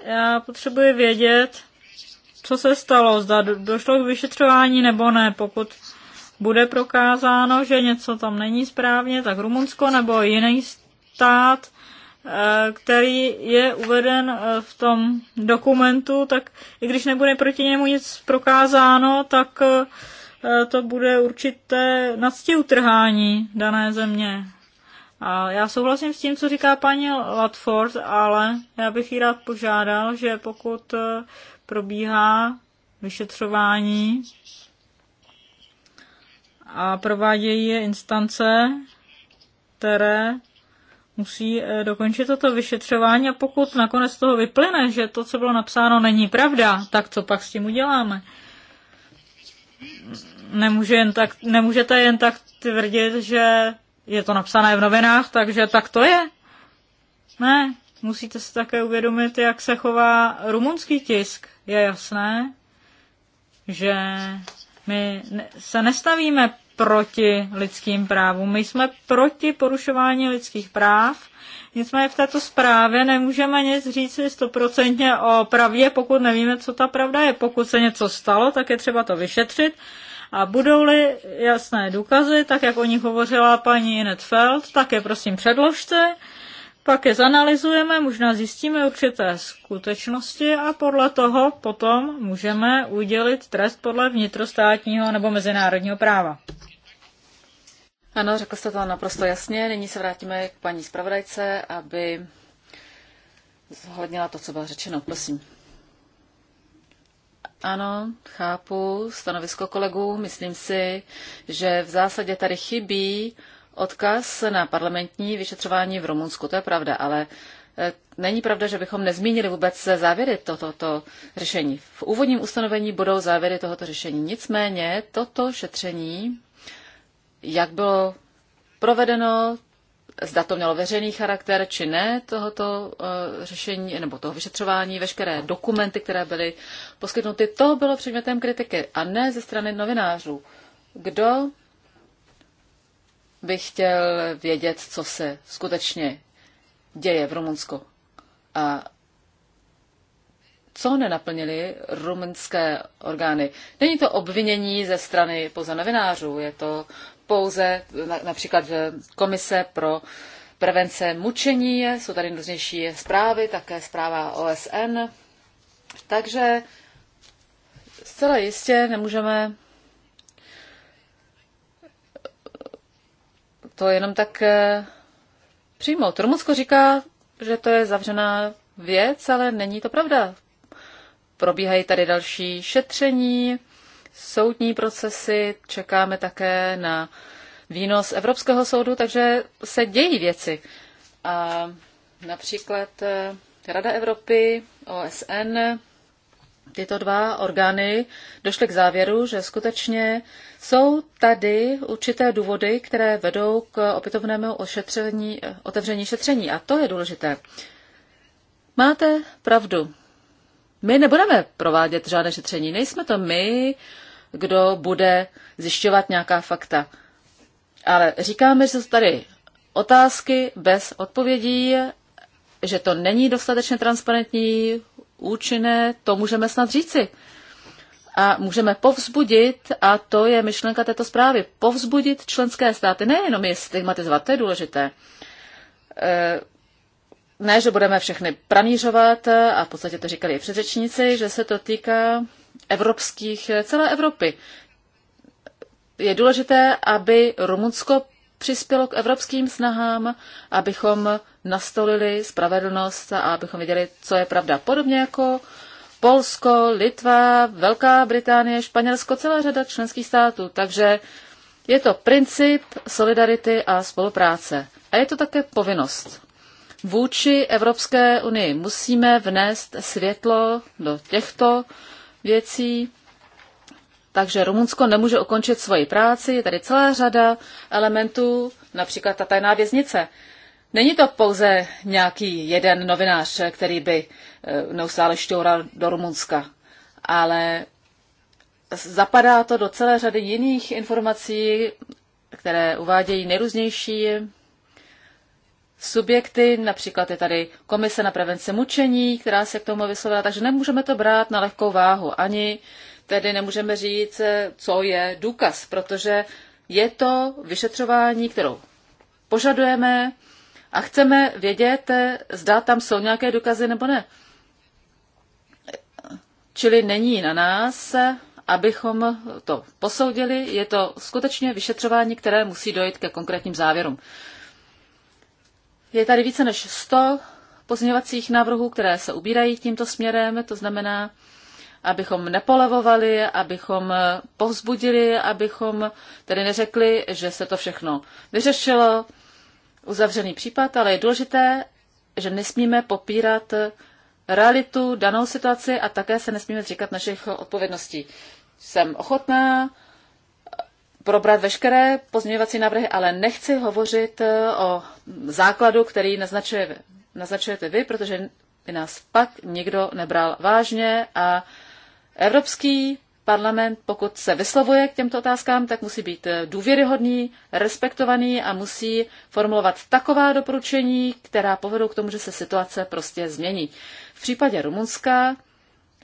Já potřebuji vědět, co se stalo, zda došlo k vyšetřování nebo ne. Pokud bude prokázáno, že něco tam není správně, tak Rumunsko nebo jiný stát, eh, který je uveden eh, v tom dokumentu, tak i když nebude proti němu nic prokázáno, tak E, to bude určité utrhání dané země. A já souhlasím s tím, co říká paní Latford, ale já bych ji rád požádal, že pokud e, probíhá vyšetřování a provádějí je instance, které musí e, dokončit toto vyšetřování a pokud nakonec toho vyplyne, že to, co bylo napsáno, není pravda, tak co pak s tím uděláme? nemůže jen tak, nemůžete jen tak tvrdit, že je to napsané v novinách, takže tak to je. Ne, musíte si také uvědomit, jak se chová rumunský tisk. Je jasné, že my se nestavíme proti lidským právům. My jsme proti porušování lidských práv, nicméně v této zprávě nemůžeme nic říct stoprocentně o pravdě, pokud nevíme, co ta pravda je. Pokud se něco stalo, tak je třeba to vyšetřit. A budou-li jasné důkazy, tak jak o nich hovořila paní Netfeld, tak je prosím předložte, pak je zanalizujeme, možná zjistíme určité skutečnosti a podle toho potom můžeme udělit trest podle vnitrostátního nebo mezinárodního práva. Ano, řekl jste to naprosto jasně. Nyní se vrátíme k paní zpravodajce, aby zohlednila to, co bylo řečeno. Prosím. Ano, chápu stanovisko kolegů. Myslím si, že v zásadě tady chybí odkaz na parlamentní vyšetřování v Rumunsku. To je pravda, ale e, není pravda, že bychom nezmínili vůbec závěry tohoto to, řešení. V úvodním ustanovení budou závěry tohoto řešení. Nicméně toto šetření jak bylo provedeno, zda to mělo veřejný charakter či ne tohoto eh, řešení nebo toho vyšetřování, veškeré dokumenty, které byly poskytnuty, to bylo předmětem kritiky a ne ze strany novinářů. Kdo by chtěl vědět, co se skutečně děje v Rumunsku a co nenaplnili rumunské orgány. Není to obvinění ze strany poza novinářů, je to pouze například Komise pro prevence mučení, jsou tady různější zprávy, také zpráva OSN. Takže zcela jistě nemůžeme to jenom tak eh, přijmout. Rumunsko říká, že to je zavřená věc, ale není to pravda. Probíhají tady další šetření, soudní procesy, čekáme také na výnos Evropského soudu, takže se dějí věci. A například eh, Rada Evropy, OSN, tyto dva orgány došly k závěru, že skutečně jsou tady určité důvody, které vedou k opětovnému ošetření, otevření šetření. A to je důležité. Máte pravdu. My nebudeme provádět žádné šetření. Nejsme to my, kdo bude zjišťovat nějaká fakta. Ale říkáme, že jsou tady otázky bez odpovědí, že to není dostatečně transparentní, účinné, to můžeme snad říci. A můžeme povzbudit, a to je myšlenka této zprávy, povzbudit členské státy, nejenom je stigmatizovat, to je důležité. E, ne, že budeme všechny pranířovat, a v podstatě to říkali i předřečníci, že se to týká evropských, eh, celé Evropy. Je důležité, aby Rumunsko přispělo k evropským snahám, abychom nastolili spravedlnost a abychom viděli, co je pravda. Podobně jako Polsko, Litva, Velká Británie, Španělsko, celá řada členských států. Takže je to princip solidarity a spolupráce. A je to také povinnost. Vůči Evropské unii musíme vnést světlo do těchto věcí. Takže Rumunsko nemůže ukončit svoji práci, je tady celá řada elementů, například ta tajná věznice. Není to pouze nějaký jeden novinář, který by eh, neustále šťoural do Rumunska, ale zapadá to do celé řady jiných informací, které uvádějí nejrůznější subjekty, například je tady Komise na prevenci mučení, která se k tomu vyslovila, takže nemůžeme to brát na lehkou váhu, ani tedy nemůžeme říct, co je důkaz, protože je to vyšetřování, kterou požadujeme a chceme vědět, zda tam jsou nějaké důkazy nebo ne. Čili není na nás, abychom to posoudili, je to skutečně vyšetřování, které musí dojít ke konkrétním závěrům. Je tady více než 100 pozměňovacích návrhů, které se ubírají tímto směrem, to znamená, abychom nepolevovali, abychom eh, povzbudili, abychom tedy neřekli, že se to všechno vyřešilo, uzavřený případ, ale je důležité, že nesmíme popírat eh, realitu, danou situaci a také se nesmíme říkat našich odpovědností. Jsem ochotná probrat veškeré pozměňovací návrhy, ale nechci hovořit eh, o základu, který naznačuje, vy. naznačujete vy, protože by nás pak nikdo nebral vážně a Evropský parlament, pokud se vyslovuje k těmto otázkám, tak musí být eh, důvěryhodný, respektovaný a musí formulovat taková doporučení, která povedou k tomu, že se situace prostě změní. V případě Rumunska,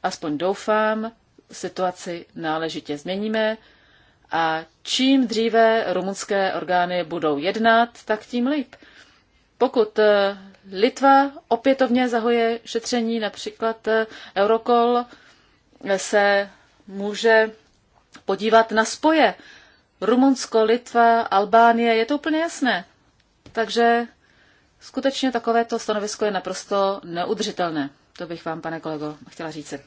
aspoň doufám, situaci náležitě změníme. A čím dříve rumunské orgány budou jednat, tak tím líp. Pokud eh, Litva opětovně zahoje šetření, například eh, Eurokol eh, se může podívat na spoje. Rumunsko, Litva, Albánie, je to úplně jasné. Takže skutečně takovéto stanovisko je naprosto neudržitelné. To bych vám, pane kolego, chtěla říci.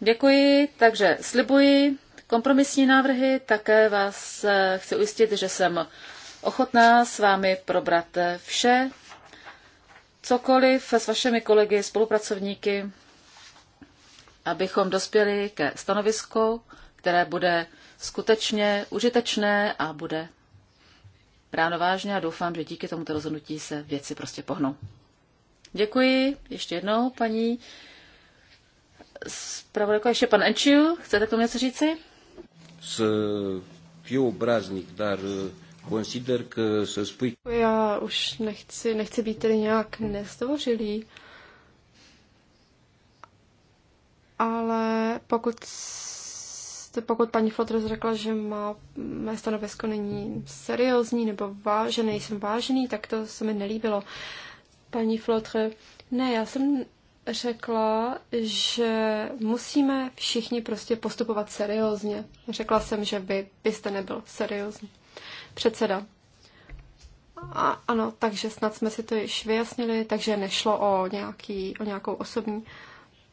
Děkuji, takže slibuji, kompromisní návrhy. Také vás eh, chci ujistit, že jsem ochotná s vámi probrat eh, vše, cokoliv s vašimi kolegy, spolupracovníky, abychom dospěli ke stanovisku, které bude skutečně užitečné a bude bráno vážně a doufám, že díky tomuto rozhodnutí se věci prostě pohnou. Děkuji ještě jednou, paní zpravodajko, ještě pan Enčiu, chcete k tomu něco říci? să fiu obraznic, dar uh, consider că să spui... Já už nechci, nechci být tedy nějak nezdvořilý, ale pokud pokud paní Flotres řekla, že má, mé stanovisko není seriózní nebo vá, že nejsem vážený, tak to se mi nelíbilo. Paní Flotre, ne, já jsem řekla, že musíme všichni prostě postupovat seriózně. Řekla jsem, že vy byste nebyl seriózní. Předseda. A, ano, takže snad jsme si to již vyjasnili, takže nešlo o, nějaký, o nějakou osobní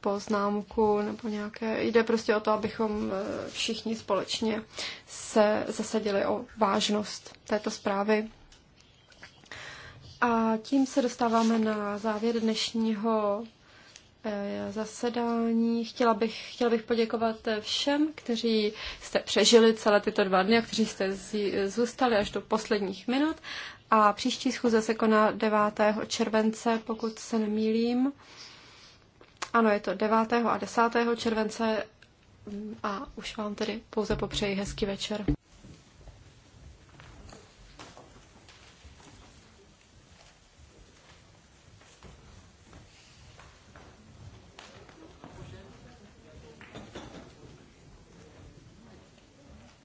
poznámku nebo nějaké... Jde prostě o to, abychom e, všichni společně se zasadili o vážnost této zprávy. A tím se dostáváme na závěr dnešního Eh, zasedání. Chtěla bych, chtěla bych poděkovat všem, kteří jste přežili celé tyto dva dny a kteří jste zůstali až do posledních minut. A příští schůze se koná 9. července, pokud se nemýlím. Ano, je to 9. a 10. července a už vám tedy pouze popřeji hezký večer.